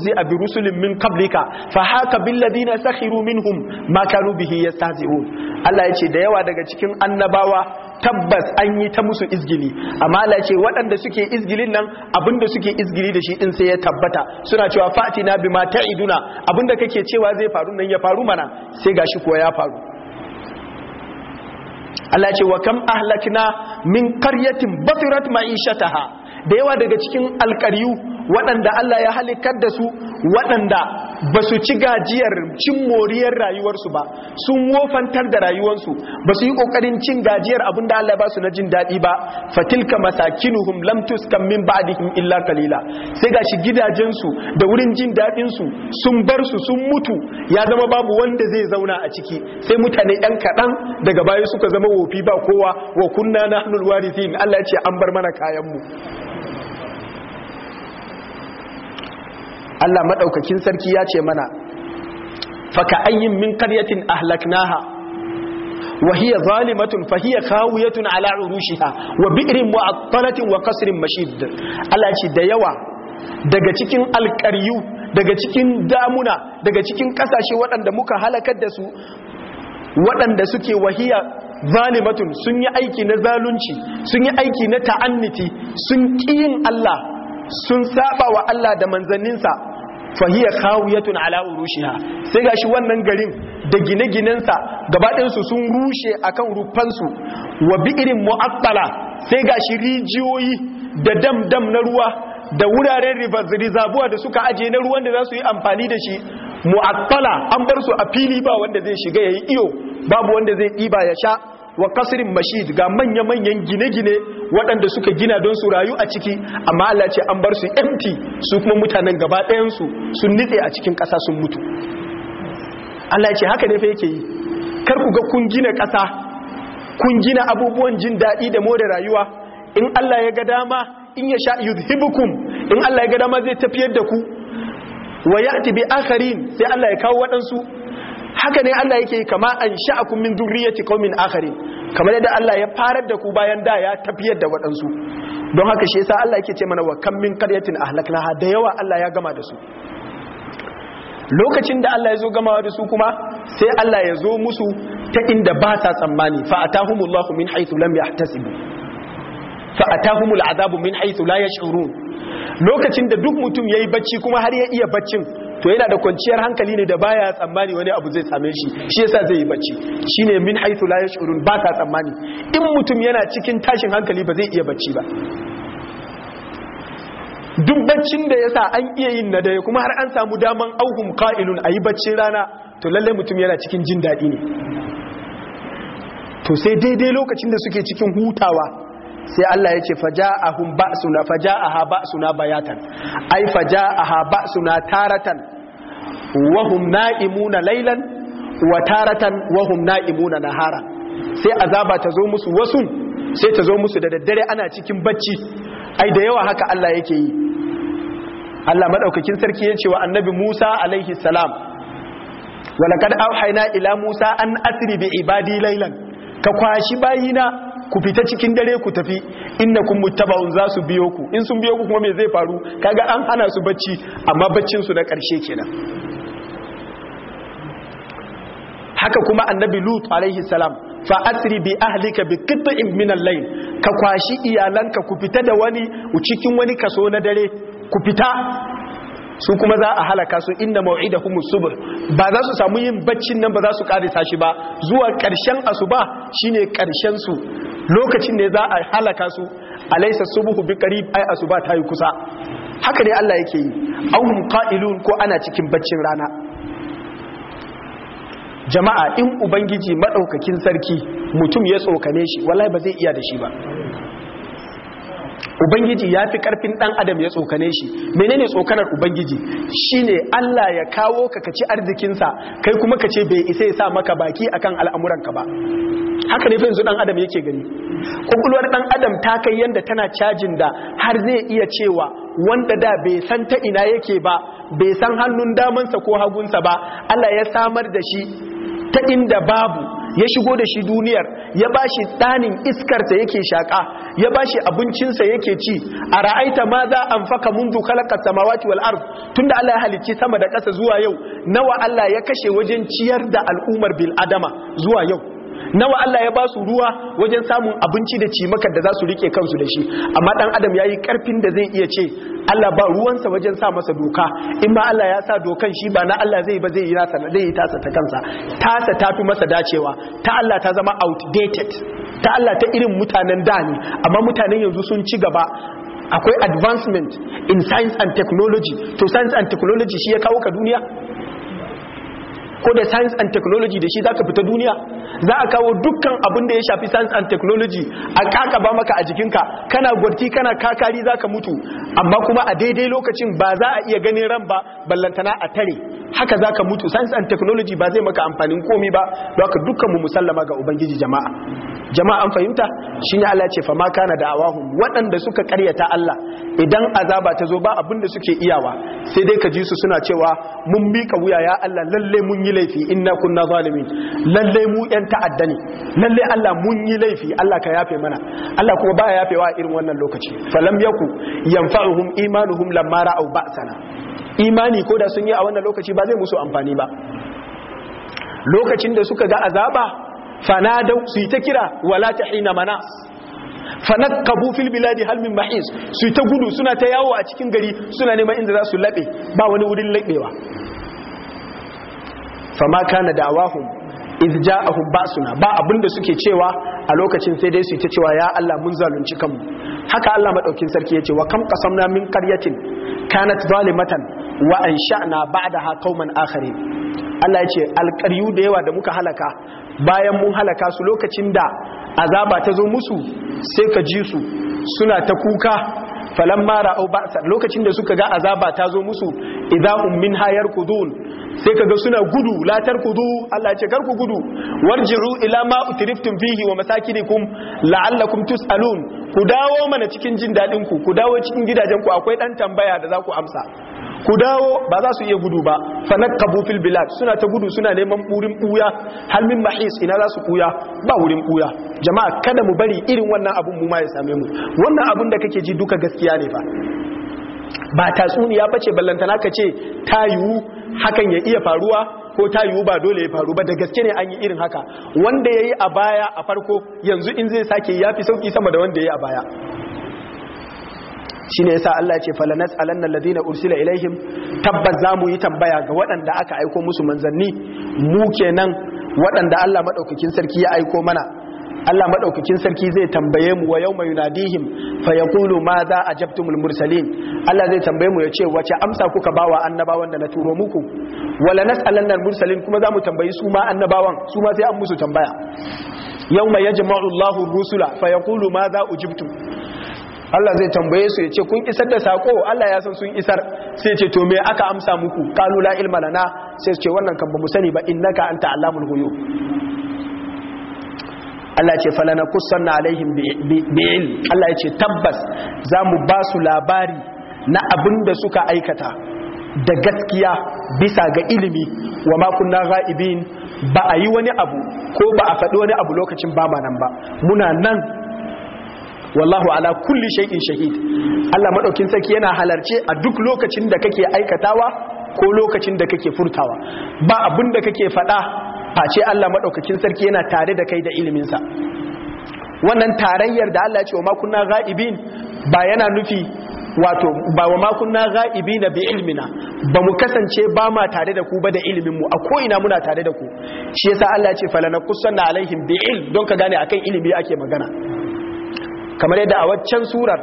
zai abi rusulin min qablika fa haka bil ladina sakhiru minhum ma kanu bihi yastahzi'un Allah ya ce da yawa daga cikin annabawa tabbas an yi ta musu izgili amma Allah ya ce waɗanda suke izgilin nan abinda suke izgili da shi din sai ya tabbata suna cewa fatina bima ta'iduna abinda kake cewa zai faru nan ya faru mana sai gashi kuwa ya faru Allah ce wa kam ahlakna min qaryatin batirat ma'ishataha da yawa daga cikin alƙaryu waɗanda Allah ya halikar da su waɗanda ba su ci gajiyar cin moriyar rayuwarsu ba sun wofantar da rayuwarsu ba su yi ƙoƙarin cin gajiyar abin da Allah ba su na jin daɗi ba fatilka masakinuhum lam tuskan min ba'dihim illa kalila sai gashi gidajensu da wurin jin daɗinsu sun bar su sun mutu ya zama babu wanda zai zauna a ciki sai mutane ɗan kaɗan daga baya suka zama wofi ba kowa wa kunna na hannun warisin Allah ya ce an bar mana kayanmu Allah maɗaukakin sarki ya ce mana faka ayyin min karyatin ahlaknaha wa hiya zalimatun fa hiya khawiyatun ala urushiha wa bi'rin mu'attalatin wa qasrin mashid Allah ce da yawa daga cikin alƙaryu daga cikin damuna daga cikin ƙasashe waɗanda muka halakar da su waɗanda suke wahiya zalimatun sun yi aiki na zalunci sun yi aiki na ta'anniti sun ƙiyin Allah sun saba wa Allah da manzanninsa fahiyar khawiyatun ala urushiha sai gashi wannan garin da gine-ginensa gabaɗinsu sun rushe akan rufansu wa bi'irin mu'attala sai gashi rijiyoyi da dam-dam na ruwa da wuraren rizabuwa da suka aje na ruwan da za su yi amfani da shi mu'attala an bar su a fili ba wanda zai shiga ya yi iyo babu wanda zai ɗiba ya sha wa kasirin mashid ga manya-manyan gine-gine waɗanda suka gina don su rayu a ciki amma Allah ce an bar su empty su kuma mutanen gaba ɗayansu sun nitse a cikin ƙasa sun mutu Allah ce haka ne fa yake yi kar ku ga kun gina ƙasa kun gina abubuwan jin daɗi da more rayuwa in Allah ya ga dama in ya sha yuzhibukum in Allah ya ga dama zai tafiyar da ku wa ya'ti bi akharin sai Allah ya kawo waɗansu haka ne Allah yake kama an sha'akum min dhurriyyati qaumin akharin kamar yadda Allah ya farar da ku bayan da ya tafiyar da waɗansu don haka shi yasa Allah yake ce mana wa kam min qaryatin ahlaknaha da yawa Allah ya gama da su lokacin da Allah ya zo gamawa da su kuma sai Allah ya zo musu ta inda ba tsammani fa atahumullahu min haythu lam yahtasibu fa atahumul azabu min haythu la yash'urun lokacin da duk mutum yayi bacci kuma har ya iya baccin to yana da kwanciyar hankali ne da baya tsammani wani abu zai same shi shi yasa zai yi bacci shine min haythu la yash'urun ba ka tsammani in mutum yana cikin tashin hankali ba zai iya bacci ba duk baccin da yasa an iya yin na ya kuma har an samu daman auhum qa'ilun ayi baccin rana to lalle mutum yana cikin jin daɗi ne to sai daidai lokacin da suke cikin hutawa sai Allah ya ce faja'ahum a faja'aha ba'suna bayatan ai faja'aha ba'suna taratan wa na'imuna laylan wa taratan wa na'imuna nahara sai azaba ta zo musu wasun sai ta zo musu da daddare ana cikin bacci ai da yawa haka Allah yake yi Allah madaukakin sarki ya ce wa annabi Musa alaihi salam walaqad auhayna ila Musa an asri bi ibadi laylan ka kwashi bayina ku fita cikin dare ku tafi kun muttaba'un za su biyo ku in sun biyo ku kuma me zai faru kaga an hana su bacci amma baccin su na ƙarshe kenan haka kuma annabi lut alaihi salam fa asri bi ahlika bi qit'in min al-layl ka kwashi iyalanka ku fita da wani cikin wani kaso na dare ku fita su kuma za a halaka su inda kuma subur ba za su samu yin baccin nan ba za su karisa shi ba zuwa karshen asuba shine karshen su lokacin ne za a halaka su alaysa subuhu biqarib ay asuba ta yi kusa haka dai Allah yake yi awhum qa'ilun ko ana cikin baccin rana jama'a in ubangiji madaukakin sarki mutum ya tsokane shi wallahi ba zai iya da shi ba ubangiji ya fi karfin ɗan adam ya tsokane shi menene tsokanar ubangiji Shi ne. Allah ya kawo ka kaci arzikinsa kai kuma ka ce bai isa ya sa maka baki akan al'amuranka ba haka ne fa yanzu dan adam yake gani kokulwar ɗan adam ta kai yanda tana cajin da har zai iya cewa wanda da bai san ta ina yake ba bai san hannun damansa ko hagunsa ba Allah ya samar da shi ta inda babu ya shigo da shi duniyar ya bashi ɗanin iskarsa yake shaƙa ya bashi abincinsa yake ci a ra'aita ma za an faka mundu kalakar samawati wal tun da Allah ya halicci sama da ƙasa zuwa yau nawa Allah ya kashe wajen ciyar da al'ummar bil'adama zuwa yau nawa Allah ya ba su ruwa wajen samun abinci da cimakar da za su rike kansu da shi amma dan adam ya yi karfin da zai iya ce Allah ba ruwansa wajen sa masa doka in ma Allah ya sa dokan shi ba na Allah zai ba zai yi nasa zai yi tasa ta kansa tasa ta fi masa dacewa ta Allah ta zama outdated ta Allah ta irin mutanen da ne amma mutanen yanzu sun ci gaba akwai advancement in science and technology to science and technology shi ya kawo ka duniya ko da science and technology da shi zaka fita duniya za a kawo dukkan abin da ya shafi science and technology a kaka ba maka a jikinka kana gwarti kana kakari zaka mutu amma kuma a daidai lokacin ba za a iya ganin ran ba ballantana a tare haka zaka mutu science and technology ba zai maka amfanin komi ba don ka dukkan mu musallama ga ubangiji jama'a jama'a an fahimta shine Allah ya ce fa ma kana da'awahum waɗanda suka karyata Allah idan azaba ta zo ba abin da suke iyawa sai dai ka ji su suna cewa mun mika wuya ya Allah lalle mun yi laifi inna kunna zalimin lalle mu yan ta'adda ne lalle Allah mun yi laifi Allah ka yafe mana Allah kuma baya yafewa a irin wannan lokaci falam yaku yanfa'uhum imanuhum lamma ra'aw ba'sana imani ko da sun yi a wannan lokaci ba zai musu amfani ba lokacin da suka ga azaba fanadau su yi ta kira wala tahina mana fanakabu fil biladi hal min mahis su ta gudu suna ta yawo a cikin gari suna neman inda za su labe ba wani wurin labewa fama kana da'awahum a ja'ahum suna ba abinda suke cewa a lokacin sai dai su ta cewa ya Allah mun zalunci kanmu haka Allah madaukin sarki ya ce wa kam qasamna min qaryatin kanat zalimatan wa ansha'na ba'daha qauman akharin Allah ya ce alqaryu da yawa da muka halaka bayan mun halaka su lokacin da azaba ta zo musu sai ka ji su suna ta kuka falamma Mara ba'sa lokacin da suka ga azaba ta zo musu idahum hayar kudun sai ka ga suna gudu la tarkudu Allah ce kar ku gudu warjiru ila ma utriftum fihi wa masakinikum la'allakum tusalun ku dawo mana cikin jin dadin ku ku dawo cikin gidajen ku akwai dan tambaya da za ku amsa ku dawo ba za su iya gudu ba fanakabu fil bilad suna ta gudu suna neman burin buya Halmin mahis ina za su buya ba wurin buya jama'a kada mu bari irin wannan abun mu ma ya same mu wannan abun da kake ji duka gaskiya ne fa ba tatsuniya bace ballantana ka ce ta yiwu hakan ya iya faruwa ko ta yiwu ba dole ya faru ba da gaske ne an yi irin haka wanda ya yi a baya a farko yanzu in zai sake ya fi sauki sama da wanda ya yi a baya shine yasa Allah ya ce falanas alanna alladhina ursila ilaihim tabbas zamu yi tambaya ga waɗanda aka aiko musu manzanni mu kenan waɗanda Allah madaukakin sarki ya aiko mana Allah madaukakin sarki zai tambaye mu wa yawma yunadihim fa yaqulu ma za ajabtumul mursalin Allah zai tambaye mu ya ce wace amsa kuka bawa annabawan da na turo muku wala nas'alanna al mursalin kuma zamu tambayi su ma annabawan su ma sai an musu tambaya yawma yajma'u Allahu rusula fa yaqulu ma za ujibtum Allah zai tambaye su ya ce kun isar da sako Allah ya san sun isar sai ce to me aka amsa muku qalu la ilma lana sai ce wannan kan ba mu sani ba innaka anta allamul ghuyub Allah ce falana kusanna alaihim bi ilm Allah ya ce tabbas zamu ba su labari na abinda suka aikata da gaskiya bisa ga ilimi wa ma kunna ghaibin ba a yi wani abu ko ba a faɗi wani abu lokacin ba ma nan ba muna nan wallahu ala kulli shay'in shahid Allah madaukin sarki yana halarce a duk lokacin da kake aikatawa ko lokacin da kake furtawa ba abin da kake faɗa face Allah madaukakin sarki yana tare da kai da ilimin sa wannan tarayyar da Allah ya ce wa ma kunna ghaibin ba yana nufi wato ba wa makunna ga'ibi na bi ilmina ba mu kasance ba ma tare da ku ba da ilimin mu, a ko ina muna tare da ku shi yasa Allah ce falana kusan na alaihim bi ilm don ka gane akan ilimi ake magana kamar yadda a waccan surar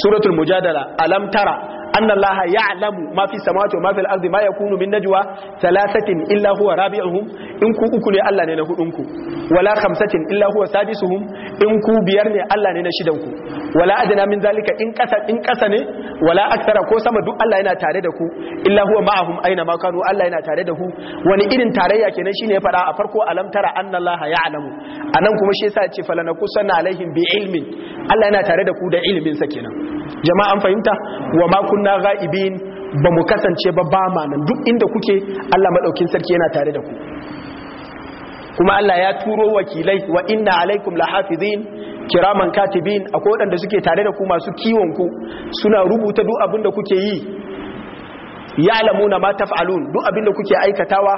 suratul mujadala alam tara anna allaha ya'lamu ma fi samawati wa ma fil ardi ma yakunu min najwa illa huwa rabi'uhum in ku uku ne Allah ne na hudun wala khamsatin illa huwa sadisuhum in ku biyar ne Allah ne na shidan wala adna zalika in kasa ne wala aksara ko sama duk Allah yana tare da ku illa huwa ma'ahum aina ma kanu Allah yana tare da ku wani irin tarayya kenan shine ya fada a farko alam tara anna allaha A nan kuma shi yasa ya ce falanakusanna alaihim bi ilmin Allah yana tare da ku da ilmin sa kenan jama'a an fahimta wa ma kunna ghaibin ba mu kasance ba ba ma duk inda kuke Allah madaukin sarki yana tare da ku kuma Allah ya turo wakilai wa inna alaikum lahafizin kiraman katibin akwai waɗanda suke tare da ku masu kiwon ku suna rubuta duk abinda kuke yi ya lamuna ma taf'alun duk abin da kuke aikatawa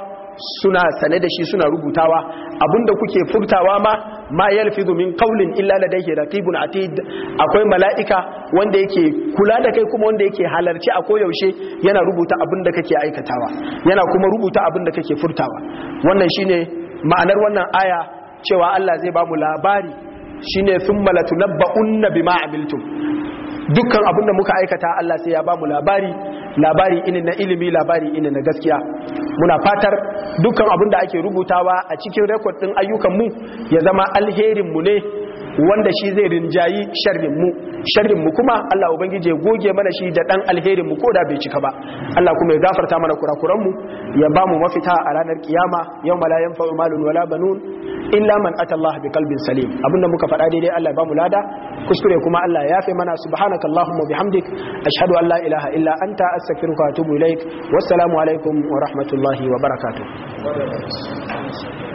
suna sane da shi suna rubutawa abinda kuke furtawa ma ma yalfizu min qawlin illa ladayhi raqibun atid akwai mala'ika wanda yake kula da kai kuma wanda yake halarci a koyaushe yana rubuta abinda kake aikatawa yana kuma rubuta abinda kake furtawa wannan shine ma'anar wannan aya cewa Allah zai ba mu labari shine thumma latunabba'unna bima amiltum dukkan abinda muka aikata Allah sai ya ba mu labari labari na ilimi labari inin na gaskiya muna fatar dukkan abin da ake rubutawa a cikin rekod din ayyukan ya zama alherin mu ne wanda shi zai rinjayi sharrin mu mu kuma Allah ubangiji ya goge mana shi da dan alherin mu da bai cika ba Allah kuma ya gafarta mana kurakuran mu ya ba mu mafita a ranar kiyama yawma la yanfa'u malun wala banun illa man ata Allah bi qalbin salim abinda muka faɗa daidai Allah ya ba mu lada kuskure kuma Allah ya yafe mana subhanaka allahumma bihamdik ashhadu an la ilaha illa anta astaghfiruka wa atubu ilaik wassalamu alaikum wa rahmatullahi wa barakatuh